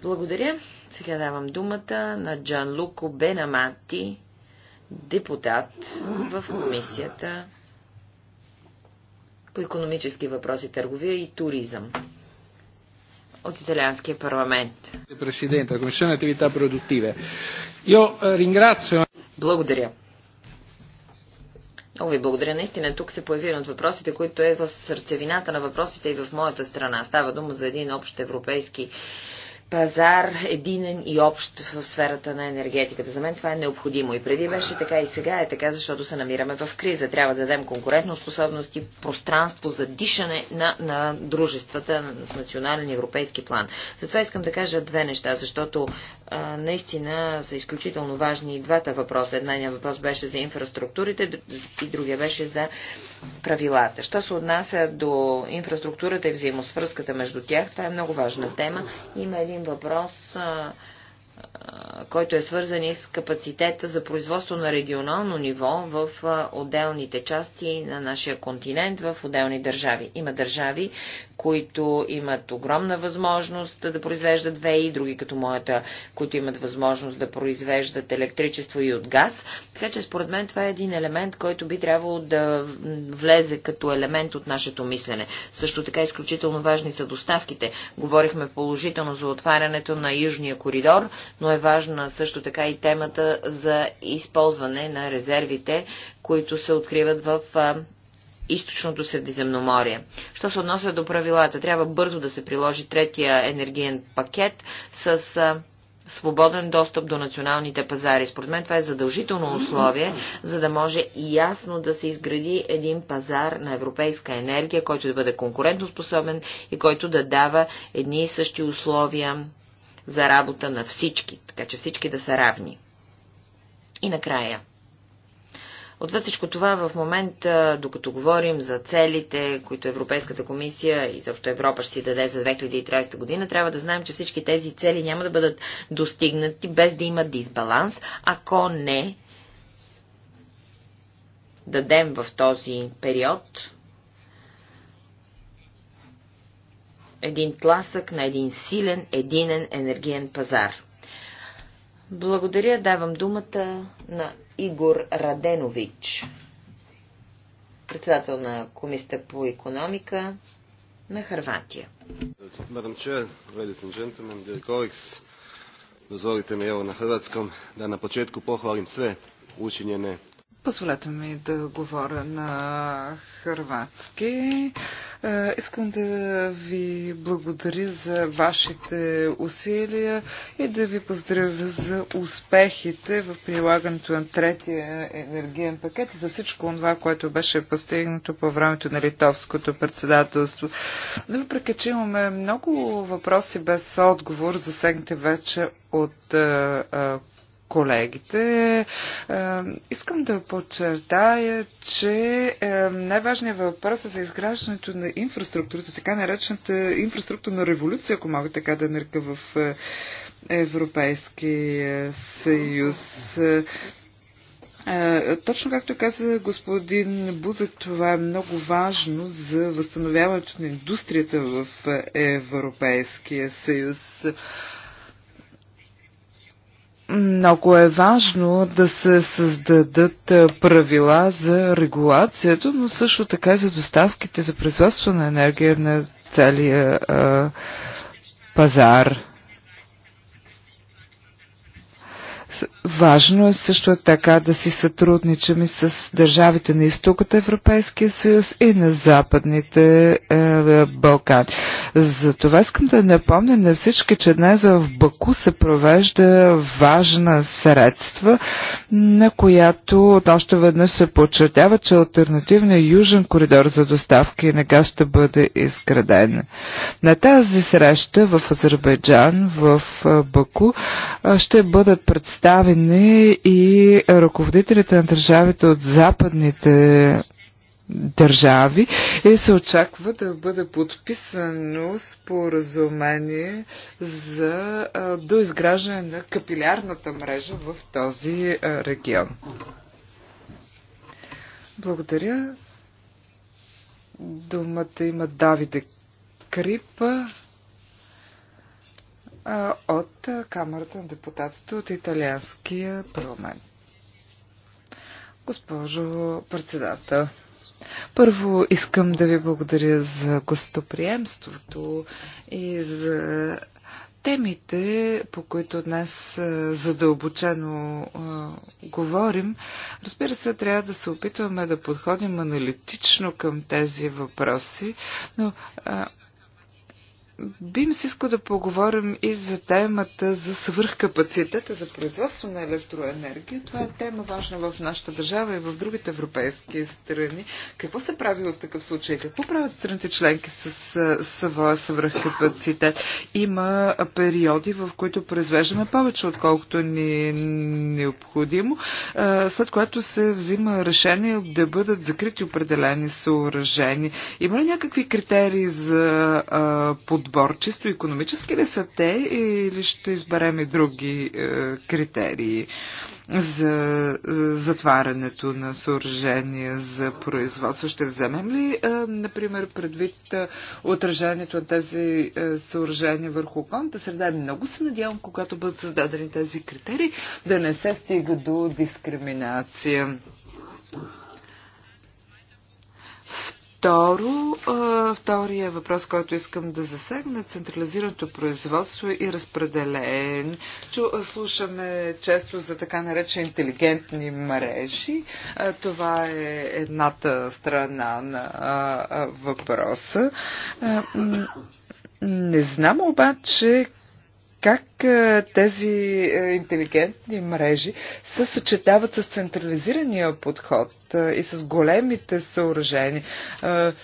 Благодаря. Сега давам думата на Джан Луко Бенамати депутат в комисията по економически въпроси, търговия и туризъм от Италианския парламент. Президента, Комисионна активитà продуктиве. Йо, ринграцио... Eh, благодаря. Много ви благодаря. Наистина тук се появи от въпросите, които е в сърцевината на въпросите и в моята страна. Става дума за един общ европейски пазар единен и общ в сферата на енергетиката. За мен това е необходимо. И преди беше така и сега е така, защото се намираме в криза. Трябва да дадем конкурентно способност и пространство за дишане на, на дружествата в национален европейски план. Затова искам да кажа две неща, защото а, наистина са изключително важни и двата въпроса. Еднаният въпрос беше за инфраструктурите и другия беше за правилата. Що се отнася до инфраструктурата и взаимосвръзката между тях, това е много важна тема. Има един един въпрос който е свързан и с капацитета за производство на регионално ниво в отделните части на нашия континент, в отделни държави. Има държави, които имат огромна възможност да произвеждат ВЕИ, други като моята, които имат възможност да произвеждат електричество и от газ. Така че според мен това е един елемент, който би трябвало да влезе като елемент от нашето мислене. Също така изключително важни са доставките. Говорихме положително за отварянето на Южния коридор, но е важна също така и темата за използване на резервите, които се откриват в източното Средиземноморие. Що се относя до правилата, трябва бързо да се приложи третия енергиен пакет с свободен достъп до националните пазари. Според мен това е задължително условие, за да може ясно да се изгради един пазар на европейска енергия, който да бъде конкурентоспособен и който да дава едни и същи условия за работа на всички, така че всички да са равни. И накрая. Отвъд всичко това в момента, докато говорим за целите, които Европейската комисия и защо Европа ще си даде за 2030 година, трябва да знаем, че всички тези цели няма да бъдат достигнати без да има дисбаланс, ако не дадем в този период един тласък на един силен, единен енергиен пазар. Благодаря, давам думата на Игор Раденович, председател на Комисията по економика на Харватия. Мадам Че, ladies and gentlemen, dear colleagues, dozvolite mi evo na hrvatskom da na početku pohvalim sve učinjene Позволете ми да говоря на хрватски. Е, искам да ви благодаря за вашите усилия и да ви поздравя за успехите в прилагането на третия енергиен пакет и за всичко това, което беше постигнато по времето на литовското председателство. Въпреки, че имаме много въпроси без отговор, засегнете вече от е, е, колегите. Е, искам да подчертая, че е, най-важният въпрос е за изграждането на инфраструктурата, така наречената инфраструктурна революция, ако мога така да нарека в е, Европейския съюз. Точно както каза господин Бузък, това е много важно за възстановяването на индустрията в Европейския съюз. Много е важно да се създадат правила за регулацията, но също така и за доставките за производство на енергия на целия а, пазар. Важно е също така да си сътрудничаме и с държавите на изток от Европейския съюз и на западните е, Балкани. Затова искам да напомня на всички, че днес в Баку се провежда важна средства, на която още веднъж се подчертява, че альтернативният южен коридор за доставки на газ ще бъде изграден. На тази среща в Азербайджан, в е, Баку, е, ще бъдат представени представени и ръководителите на държавите от западните държави и се очаква да бъде подписано споразумение за доизграждане на капилярната мрежа в този регион. Благодаря. Думата има Давиде Крипа от Камерата на депутатите от Италианския парламент. Госпожо председател, първо искам да ви благодаря за гостоприемството и за темите, по които днес задълбочено а, говорим, разбира се, трябва да се опитваме да подходим аналитично към тези въпроси, но а, би ми се искал да поговорим и за темата за свърхкапацитета за производство на електроенергия. Това е тема важна в нашата държава и в другите европейски страни. Какво се прави в такъв случай? Какво правят страните членки с своя свърхкапацитет? Има периоди, в които произвеждаме повече, отколкото ни е необходимо, след което се взима решение да бъдат закрити определени съоръжения. Има ли някакви критерии за подбор? подбор? Чисто економически ли са те или ще изберем и други е, критерии за е, затварянето на съоръжения за производство? Ще вземем ли, е, например, предвид е, отражението на тези е, съоръжения върху околната среда? Много се надявам, когато бъдат създадени тези критерии, да не се стига до дискриминация. Второ, втория въпрос, който искам да засегна, е централизираното производство и разпределен. Чу, слушаме често за така наречени интелигентни мрежи. Това е едната страна на въпроса. Не знам обаче как е, тези е, интелигентни мрежи се съчетават с централизирания подход е, и с големите съоръжения.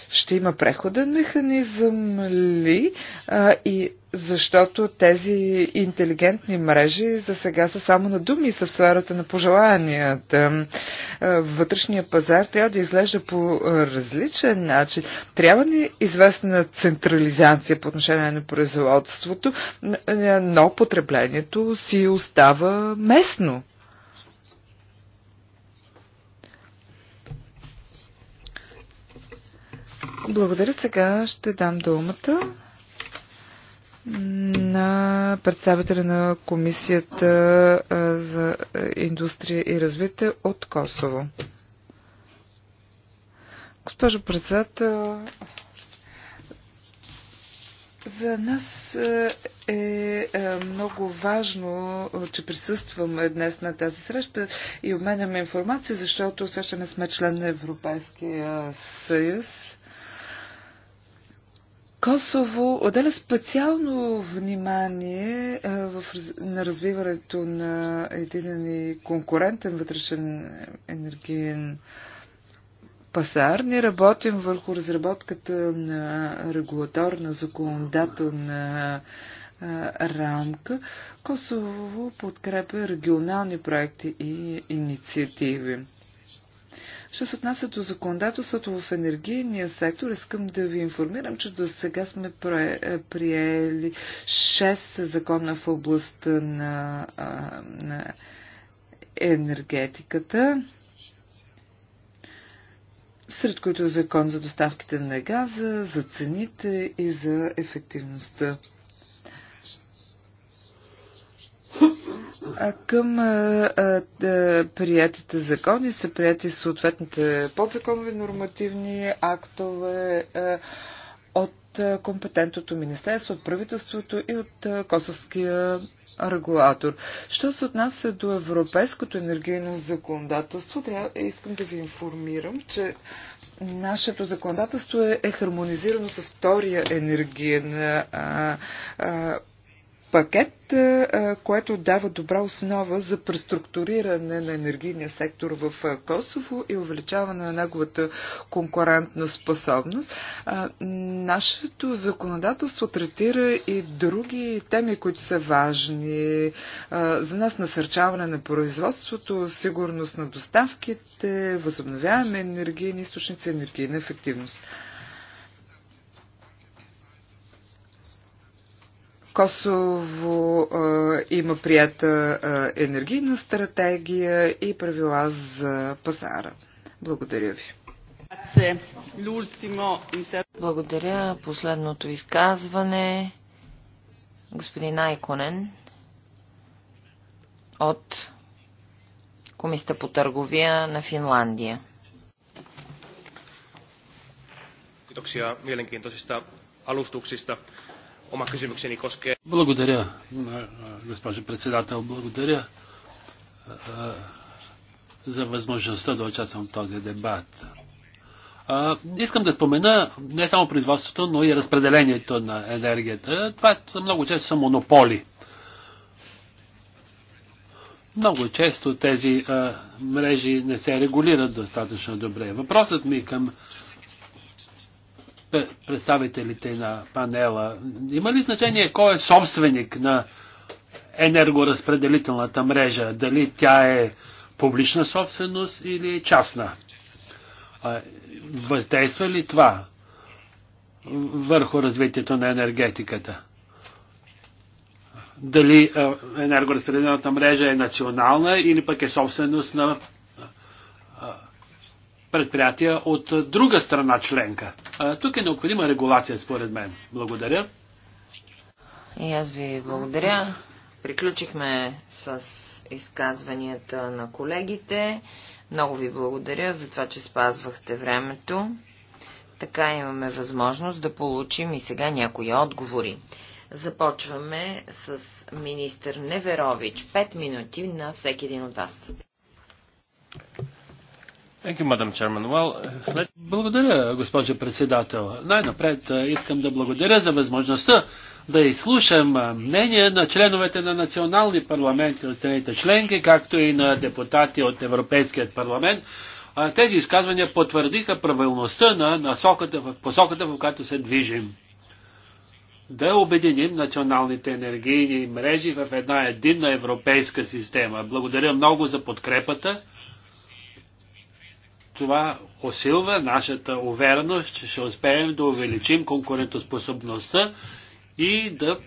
Ще има преходен механизъм ли? И защото тези интелигентни мрежи за сега са само на думи и са в сферата на пожеланията. Вътрешния пазар трябва да изглежда по различен начин. Трябва ни известна централизация по отношение на производството, но по потреблението си остава местно. Благодаря. Сега ще дам думата на представителя на Комисията за индустрия и развитие от Косово. Госпожо председател, за нас е, е, е много важно, че присъстваме днес на тази среща и обменяме информация, защото все не сме член на Европейския съюз. Косово отделя специално внимание е, в, на развиването на един конкурентен вътрешен енергиен пазар. Ние работим върху разработката на регулаторна законодателна рамка. Косово подкрепя регионални проекти и инициативи. Що се отнася до законодателството в енергийния сектор, искам да ви информирам, че до сега сме е, приели 6 закона в областта на, на енергетиката сред които е закон за доставките на газа, за цените и за ефективността. Към а, а, приятите закони са прияти съответните подзаконови нормативни актове а, от от компетентното министерство, от правителството и от косовския регулатор. Що се отнася до европейското енергийно законодателство, трябва, искам да ви информирам, че Нашето законодателство е, е хармонизирано с втория енергиен а, а, пакет, е, е, което дава добра основа за преструктуриране на енергийния сектор в е, Косово и увеличаване на неговата конкурентна способност. Нашето законодателство третира и други теми, които са важни. За нас насърчаване на производството, сигурност на доставките, възобновяеми енергийни източници, енергийна ефективност. Косово има прията енергийна стратегия и правила за пазара. Благодаря ви. Благодаря. Последното изказване. Господин Айконен от Комисията по търговия на Финландия. Kiitoksia mielenkiintoisista alustuksista. Oma kysymykseni koskee... Благодаря, госпожо председател. Благодаря за възможността да участвам в този дебат. А, искам да спомена не само производството, но и разпределението на енергията. Това много често са монополи. Много често тези а, мрежи не се регулират достатъчно добре. Въпросът ми към представителите на панела. Има ли значение кой е собственик на енергоразпределителната мрежа? Дали тя е публична собственост или е частна? Въздейства ли това върху развитието на енергетиката? Дали енергоразпределената мрежа е национална или пък е собственост на предприятия от друга страна членка. Тук е необходима регулация, според мен. Благодаря. И аз ви благодаря. Приключихме с изказванията на колегите. Много ви благодаря за това, че спазвахте времето. Така имаме възможност да получим и сега някои отговори. Започваме с министър Неверович. Пет минути на всеки един от вас. Uh, благодаря, госпожо председател. Най-напред искам да благодаря за възможността да изслушам мнение на членовете на национални парламенти от страните членки, както и на депутати от Европейският парламент. Тези изказвания потвърдиха правилността на насоката, посоката, в която се движим. Да обединим националните енергийни мрежи в една единна европейска система. Благодаря много за подкрепата това усилва нашата увереност, че ще успеем да увеличим конкурентоспособността и да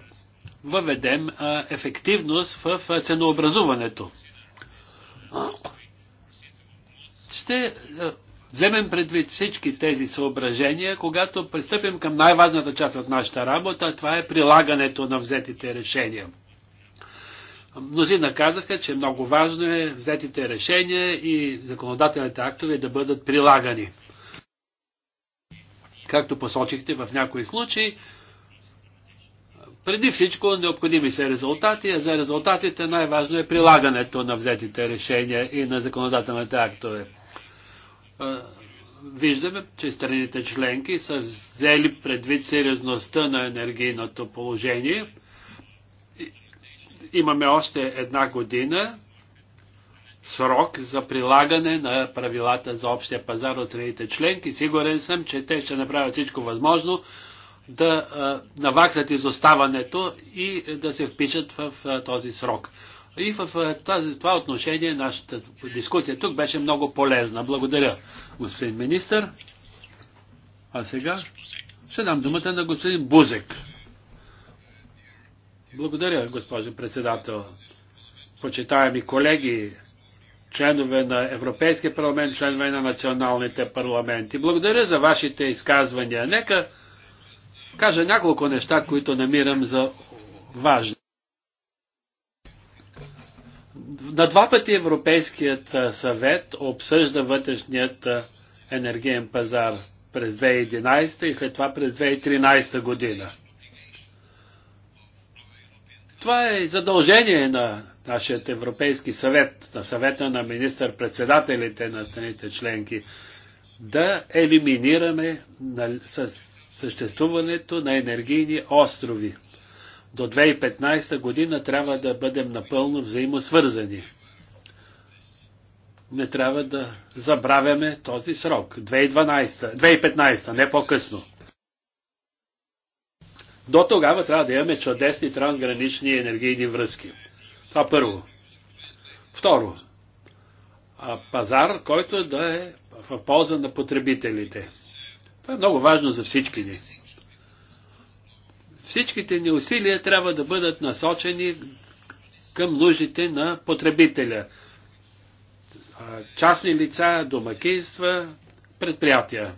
въведем ефективност в ценообразуването. Ще вземем предвид всички тези съображения, когато пристъпим към най-важната част от нашата работа, това е прилагането на взетите решения. Мнозина казаха, че много важно е взетите решения и законодателните актове да бъдат прилагани. Както посочихте в някои случаи, преди всичко необходими са резултати, а за резултатите най-важно е прилагането на взетите решения и на законодателните актове. Виждаме, че страните членки са взели предвид сериозността на енергийното положение – имаме още една година срок за прилагане на правилата за общия пазар от страните членки. Сигурен съм, че те ще направят всичко възможно да наваксат изоставането и да се впишат в този срок. И в тази, това отношение нашата дискусия тук беше много полезна. Благодаря, господин министр. А сега ще дам думата на господин Бузек. Благодаря, госпожо председател. Почитаеми колеги, членове на Европейския парламент, членове на националните парламенти. Благодаря за вашите изказвания. Нека кажа няколко неща, които намирам за важни. На два пъти Европейският съвет обсъжда вътрешният енергиен пазар през 2011 и след това през 2013 година. Това е задължение на нашият Европейски съвет, на съвета на министър-председателите на страните членки, да елиминираме съществуването на енергийни острови. До 2015 година трябва да бъдем напълно взаимосвързани. Не трябва да забравяме този срок. 2012, 2015, не по-късно. До тогава трябва да имаме чудесни трансгранични енергийни връзки. Това първо. Второ, пазар, който е да е в полза на потребителите. Това е много важно за всички ни. Всичките ни усилия трябва да бъдат насочени към нуждите на потребителя. Частни лица, домакинства, предприятия.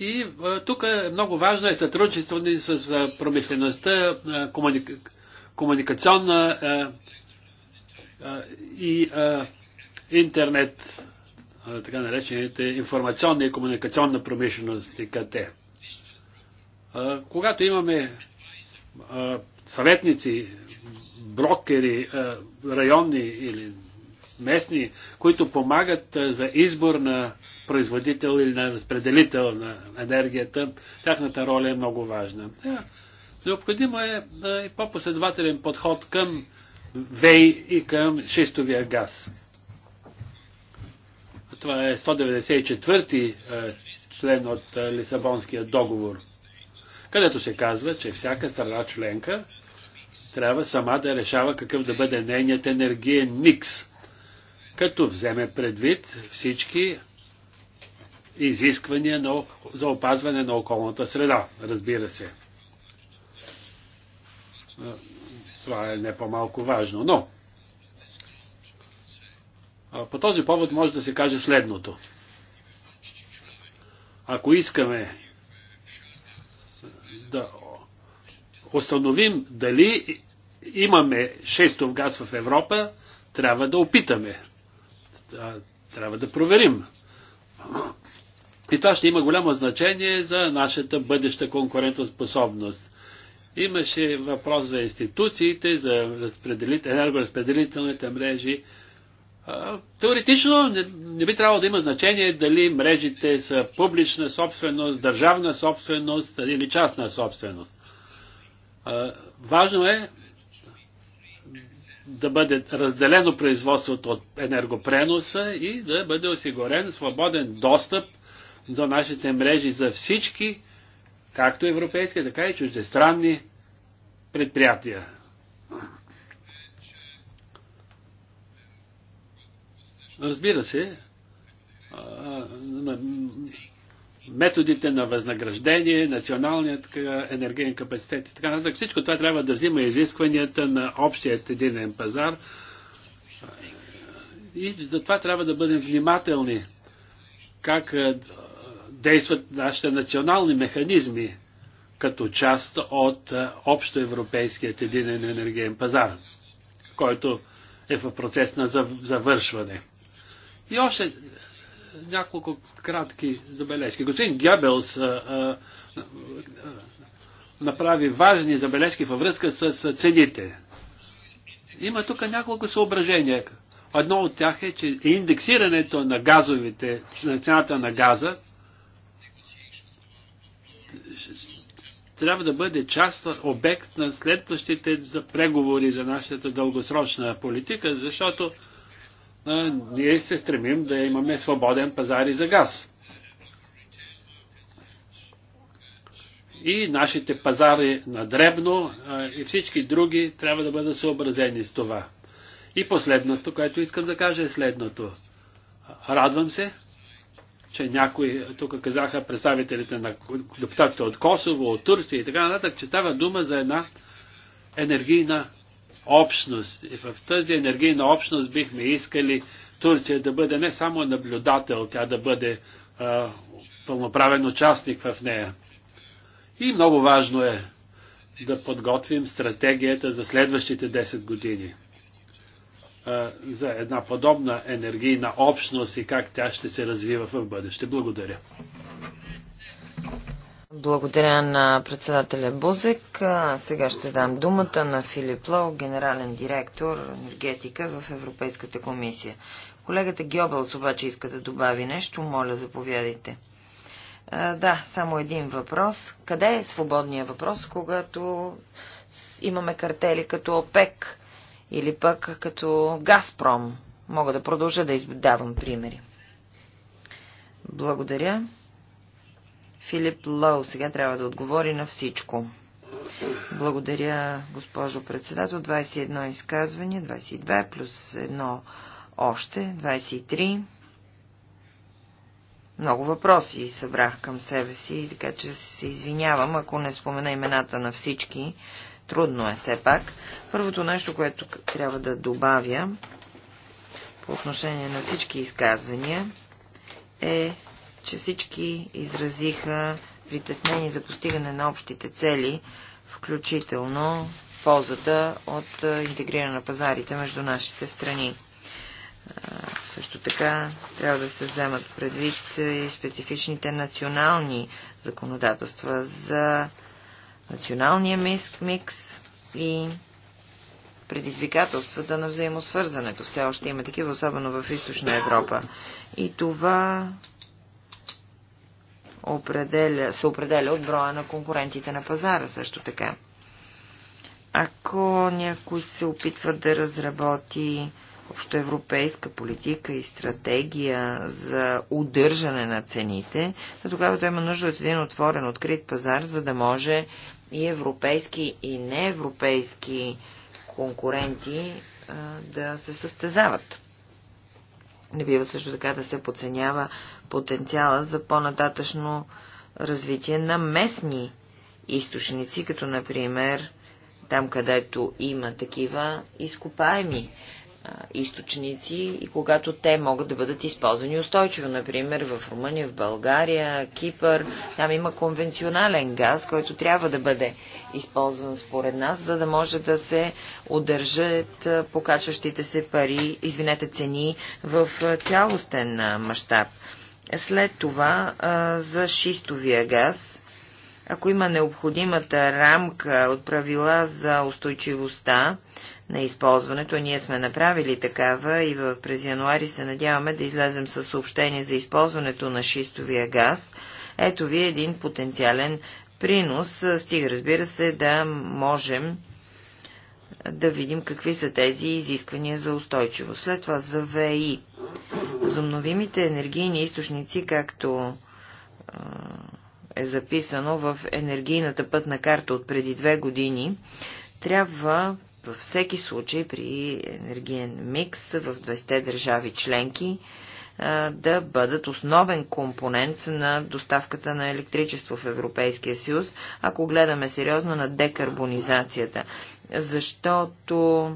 И е, тук е много важно е сътрудничество ни с е, промишлеността, комуника... комуникационна и интернет, така наречените информационна и комуникационна промишленост и КТ. Когато имаме съветници, брокери, районни или местни, които помагат за избор на производител или на разпределител на енергията, тяхната роля е много важна. Необходимо е и по-последователен подход към ВЕЙ и към шистовия газ. Това е 194-ти е, член от е, Лисабонския договор, където се казва, че всяка страна членка трябва сама да решава какъв да бъде нейният енергиен микс, като вземе предвид всички изисквания на, за опазване на околната среда, разбира се. Това е не по-малко важно, но по този повод може да се каже следното. Ако искаме да установим дали имаме шестов газ в Европа, трябва да опитаме. Трябва да проверим. И това ще има голямо значение за нашата бъдеща конкурентоспособност. Имаше въпрос за институциите, за енергоразпределителните мрежи. Теоретично не, не би трябвало да има значение дали мрежите са публична собственост, държавна собственост или частна собственост. Важно е да бъде разделено производството от енергопреноса и да бъде осигурен свободен достъп до нашите мрежи за всички, както европейски, така и чуждестранни предприятия. Разбира се, методите на възнаграждение, националният енергиен капацитет и така нататък. Всичко това трябва да взима изискванията на общият единен пазар. И затова трябва да бъдем внимателни как действат нашите национални механизми като част от е, общоевропейският единен енергиен пазар, който е в процес на завършване. И още няколко кратки забележки. Господин Гебелс а, а, а, направи важни забележки във връзка с цените. Има тук няколко съображения. Едно от тях е, че индексирането на газовите, на цената на газа, трябва да бъде част обект на следващите преговори за нашата дългосрочна политика, защото а, ние се стремим да имаме свободен пазар и за газ. И нашите пазари на дребно а, и всички други трябва да бъдат съобразени с това. И последното, което искам да кажа е следното. Радвам се, че някои, тук казаха представителите на депутатите от Косово, от Турция и така нататък, че става дума за една енергийна общност. И в тази енергийна общност бихме искали Турция да бъде не само наблюдател, тя да бъде а, пълноправен участник в нея. И много важно е да подготвим стратегията за следващите 10 години за една подобна енергийна общност и как тя ще се развива в бъдеще. Благодаря. Благодаря на председателя Бузек. Сега ще дам думата на Филип Лоу, генерален директор енергетика в Европейската комисия. Колегата Гьобелс обаче иска да добави нещо. Моля, заповядайте. да, само един въпрос. Къде е свободният въпрос, когато имаме картели като ОПЕК? Или пък като Газпром. Мога да продължа да издавам примери. Благодаря. Филип Лоу сега трябва да отговори на всичко. Благодаря, госпожо председател. 21 изказвания, 22 плюс 1 още, 23. Много въпроси събрах към себе си, така че се извинявам, ако не спомена имената на всички, Трудно е все пак. Първото нещо, което трябва да добавя по отношение на всички изказвания е, че всички изразиха притеснени за постигане на общите цели, включително ползата от интегриране на пазарите между нашите страни. Също така трябва да се вземат предвид и специфичните национални законодателства за националния микс, микс и предизвикателствата на взаимосвързането. Все още има такива, особено в Източна Европа. И това определя, се определя от броя на конкурентите на пазара също така. Ако някой се опитва да разработи общоевропейска политика и стратегия за удържане на цените, то тогава той има нужда от един отворен, открит пазар, за да може и европейски и неевропейски конкуренти да се състезават. Не бива също така да се подценява потенциала за по-нататъчно развитие на местни източници, като например там, където има такива изкопаеми източници и когато те могат да бъдат използвани устойчиво. Например, в Румъния, в България, Кипър, там има конвенционален газ, който трябва да бъде използван според нас, за да може да се удържат покачващите се пари, извинете, цени в цялостен мащаб. След това за шистовия газ – ако има необходимата рамка от правила за устойчивостта, на използването. Ние сме направили такава и през януари се надяваме да излезем с съобщение за използването на шистовия газ. Ето ви един потенциален принос. Стига, разбира се, да можем да видим какви са тези изисквания за устойчивост. След това за ВИ. Зумновимите енергийни източници, както е записано в енергийната пътна карта от преди две години, трябва във всеки случай при енергиен микс в 20 държави членки да бъдат основен компонент на доставката на електричество в Европейския съюз, ако гледаме сериозно на декарбонизацията. Защото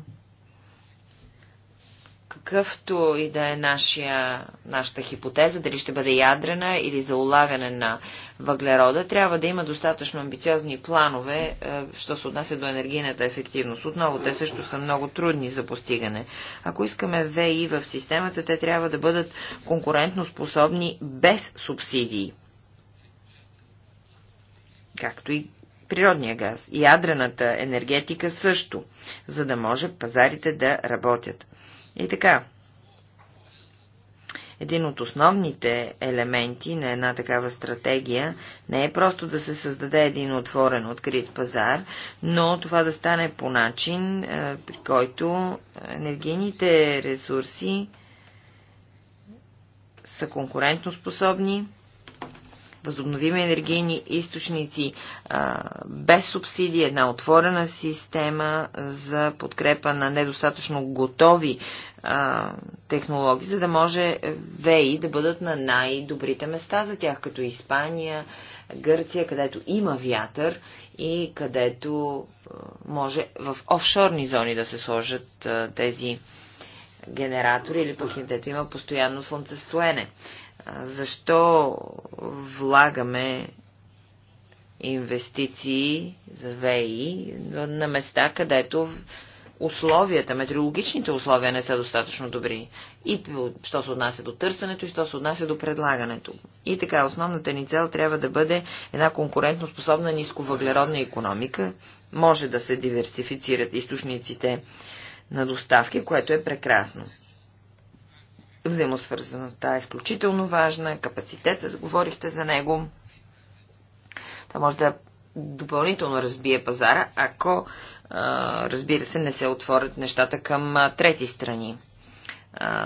какъвто и да е нашия, нашата хипотеза, дали ще бъде ядрена или за улавяне на въглерода, трябва да има достатъчно амбициозни планове, е, що се отнася до енергийната ефективност. Отново, те също са много трудни за постигане. Ако искаме ВИ в системата, те трябва да бъдат конкурентно способни без субсидии. Както и природния газ, ядрената енергетика също, за да може пазарите да работят. И така, един от основните елементи на една такава стратегия не е просто да се създаде един отворен, открит пазар, но това да стане по начин, е, при който енергийните ресурси са конкурентоспособни възобновими енергийни източници без субсидии, една отворена система за подкрепа на недостатъчно готови технологии, за да може ВЕИ да бъдат на най-добрите места за тях, като Испания, Гърция, където има вятър и където може в офшорни зони да се сложат тези генератори или пък където има постоянно слънцестоене. Защо влагаме инвестиции за ВИ на места, където условията, метеорологичните условия не са достатъчно добри. И що се отнася до търсенето, и що се отнася до предлагането. И така, основната ни цел трябва да бъде една конкурентно способна нисковъглеродна економика. Може да се диверсифицират източниците на доставки, което е прекрасно. Взаимосвързаността е изключително важна, капацитета, говорихте за него. Това може да допълнително разбие пазара, ако, разбира се, не се отворят нещата към трети страни,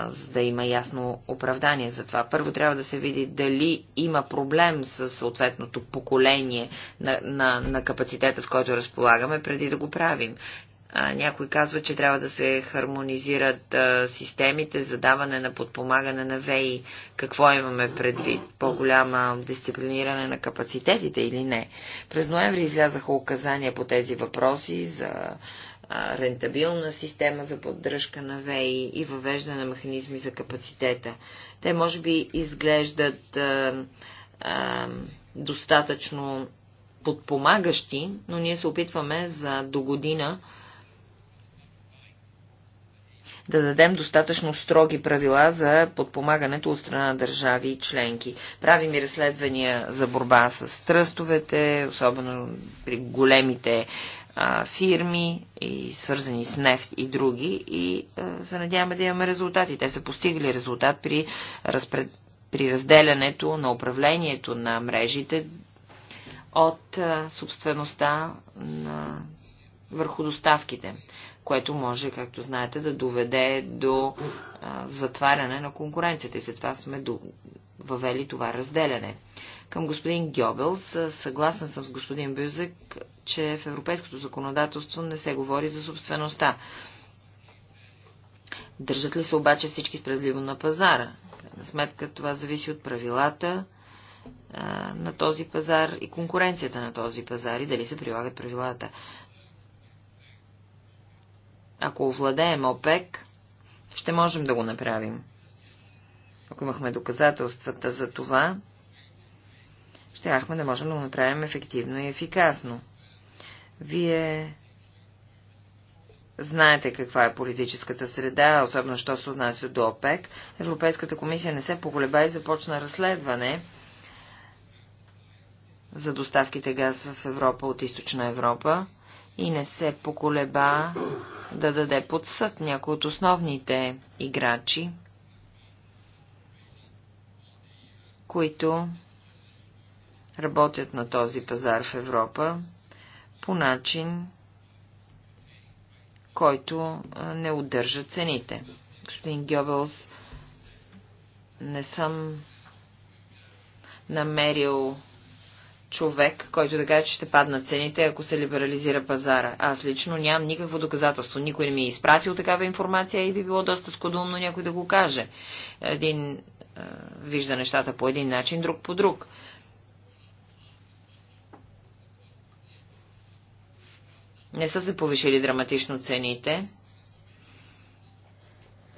за да има ясно оправдание за това. Първо трябва да се види дали има проблем с съответното поколение на, на, на капацитета, с който разполагаме, преди да го правим. Някой казва, че трябва да се хармонизират системите за даване на подпомагане на ВЕИ. Какво имаме предвид? По-голяма дисциплиниране на капацитетите или не? През ноември излязаха указания по тези въпроси за рентабилна система за поддръжка на ВЕИ и въвеждане на механизми за капацитета. Те може би изглеждат а, а, достатъчно подпомагащи, но ние се опитваме за до година да дадем достатъчно строги правила за подпомагането от страна на държави и членки. Правим и разследвания за борба с тръстовете, особено при големите а, фирми и свързани с нефт и други и а, се надяваме да имаме резултати. Те са постигали резултат при, разпред... при разделянето на управлението на мрежите от а, собствеността на върху доставките което може, както знаете, да доведе до а, затваряне на конкуренцията и затова сме до... въвели това разделяне. Към господин Гьобелс, съгласен съм с господин Бюзек, че в европейското законодателство не се говори за собствеността. Държат ли се обаче всички справедливо на пазара? На сметка това зависи от правилата а, на този пазар и конкуренцията на този пазар и дали се прилагат правилата. Ако овладеем ОПЕК, ще можем да го направим. Ако имахме доказателствата за това, щяхме да можем да го направим ефективно и ефикасно. Вие знаете каква е политическата среда, особено що се отнася до ОПЕК. Европейската комисия не се поголеба и започна разследване за доставките газ в Европа от източна Европа и не се поколеба да даде под съд някои от основните играчи, които работят на този пазар в Европа по начин, който не удържа цените. Господин Гьобелс, не съм намерил човек, който да каже, че ще паднат цените, ако се либерализира пазара. Аз лично нямам никакво доказателство. Никой не ми е изпратил такава информация и би било доста скудумно някой да го каже. Един е, вижда нещата по един начин, друг по друг. Не са се повишили драматично цените.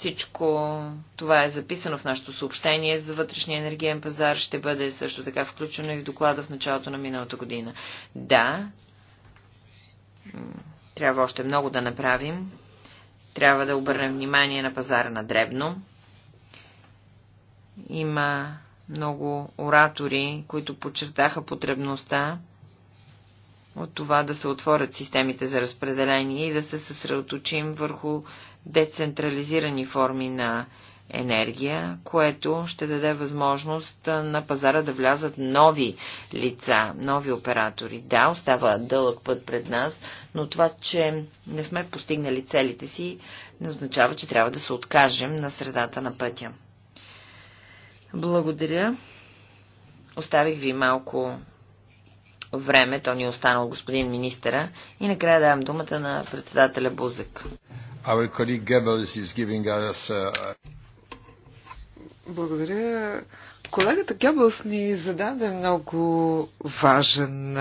Всичко това е записано в нашето съобщение за вътрешния енергиен пазар. Ще бъде също така включено и в доклада в началото на миналата година. Да, трябва още много да направим. Трябва да обърнем внимание на пазара на дребно. Има много оратори, които подчертаха потребността от това да се отворят системите за разпределение и да се съсредоточим върху децентрализирани форми на енергия, което ще даде възможност на пазара да влязат нови лица, нови оператори. Да, остава дълъг път пред нас, но това, че не сме постигнали целите си, не означава, че трябва да се откажем на средата на пътя. Благодаря. Оставих ви малко време, то ни е останал господин министъра. И накрая давам думата на председателя Бузък. Uh, Благодаря. Колегата Гебълс ни зададе много важен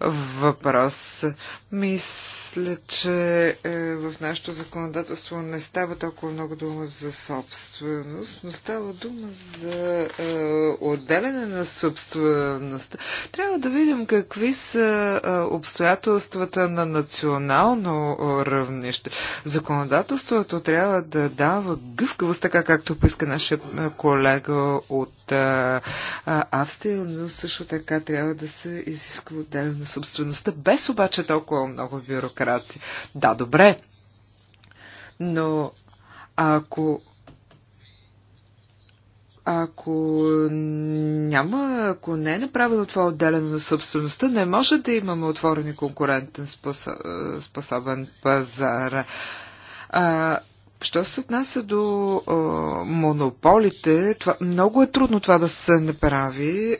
въпрос. Мисля, че е, в нашето законодателство не става толкова много дума за собственост, но става дума за е, отделяне на собствеността. Трябва да видим какви са е, обстоятелствата на национално равнище. Законодателството трябва да дава гъвкавост, така както поиска нашия колега от а, Австрия, но също така трябва да се изисква отделя на собствеността, без обаче толкова много бюрокрация. Да, добре, но ако ако няма, ако не е направено това отделено на собствеността, не може да имаме отворен и конкурентен способен пазар. А, Що се отнася до а, монополите, това, много е трудно това да се направи а,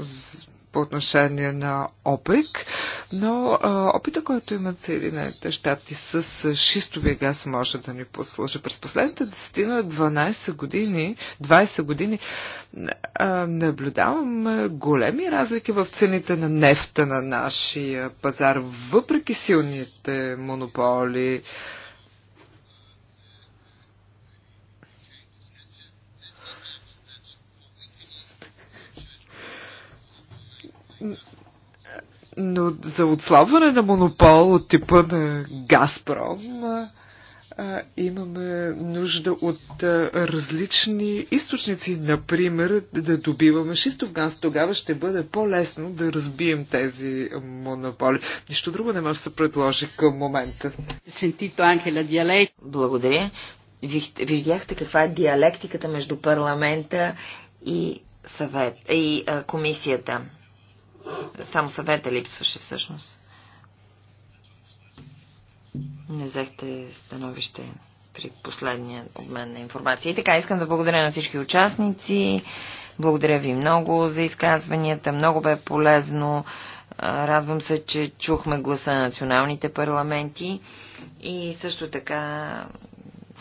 с, по отношение на ОПЕК, но а, опита, който имат Съединените щати с шистовия газ може да ни послужи. През последните 10-12 години, 20 години а, наблюдавам големи разлики в цените на нефта на нашия пазар, въпреки силните монополи. А, Но за отслабване на монопол от типа на Газпром а, имаме нужда от а, различни източници. Например, да добиваме шистов газ. Тогава ще бъде по-лесно да разбием тези монополи. Нищо друго не може да се предложи към момента. Благодаря. Виждяхте каква е диалектиката между парламента и съвет и а, комисията. Само съвета липсваше всъщност. Не взехте становище при последния обмен на информация. И така, искам да благодаря на всички участници. Благодаря ви много за изказванията. Много бе полезно. Радвам се, че чухме гласа на националните парламенти и също така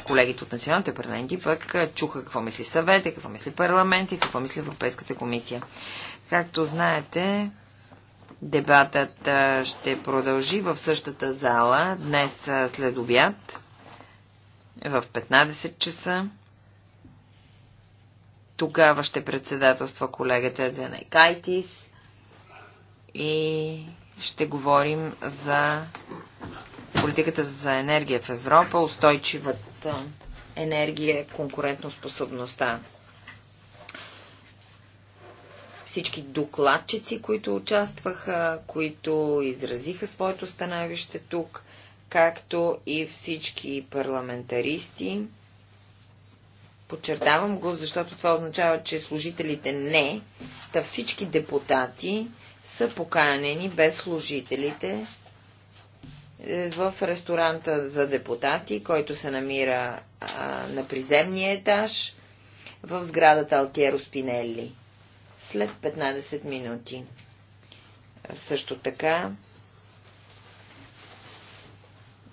колегите от националните парламенти пък чуха какво мисли съвета, какво мисли парламент и какво мисли Европейската комисия. Както знаете, дебатът ще продължи в същата зала днес след обяд в 15 часа. Тогава ще председателства колегата Зенай Кайтис и ще говорим за политиката за енергия в Европа, устойчивата енергия, конкурентоспособността всички докладчици, които участваха, които изразиха своето становище тук, както и всички парламентаристи. Подчертавам го, защото това означава, че служителите не, та всички депутати са поканени без служителите е, в ресторанта за депутати, който се намира а, на приземния етаж в сградата Алтиеро Спинелли след 15 минути. Също така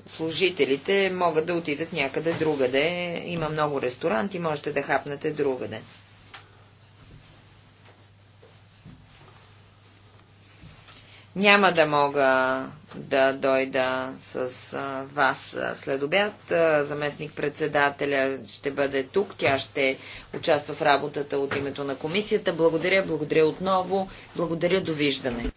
служителите могат да отидат някъде другаде. Има много ресторанти, можете да хапнете другаде. Няма да мога да дойда с а, вас след обяд. А, заместник председателя ще бъде тук. Тя ще участва в работата от името на комисията. Благодаря, благодаря отново. Благодаря, довиждане.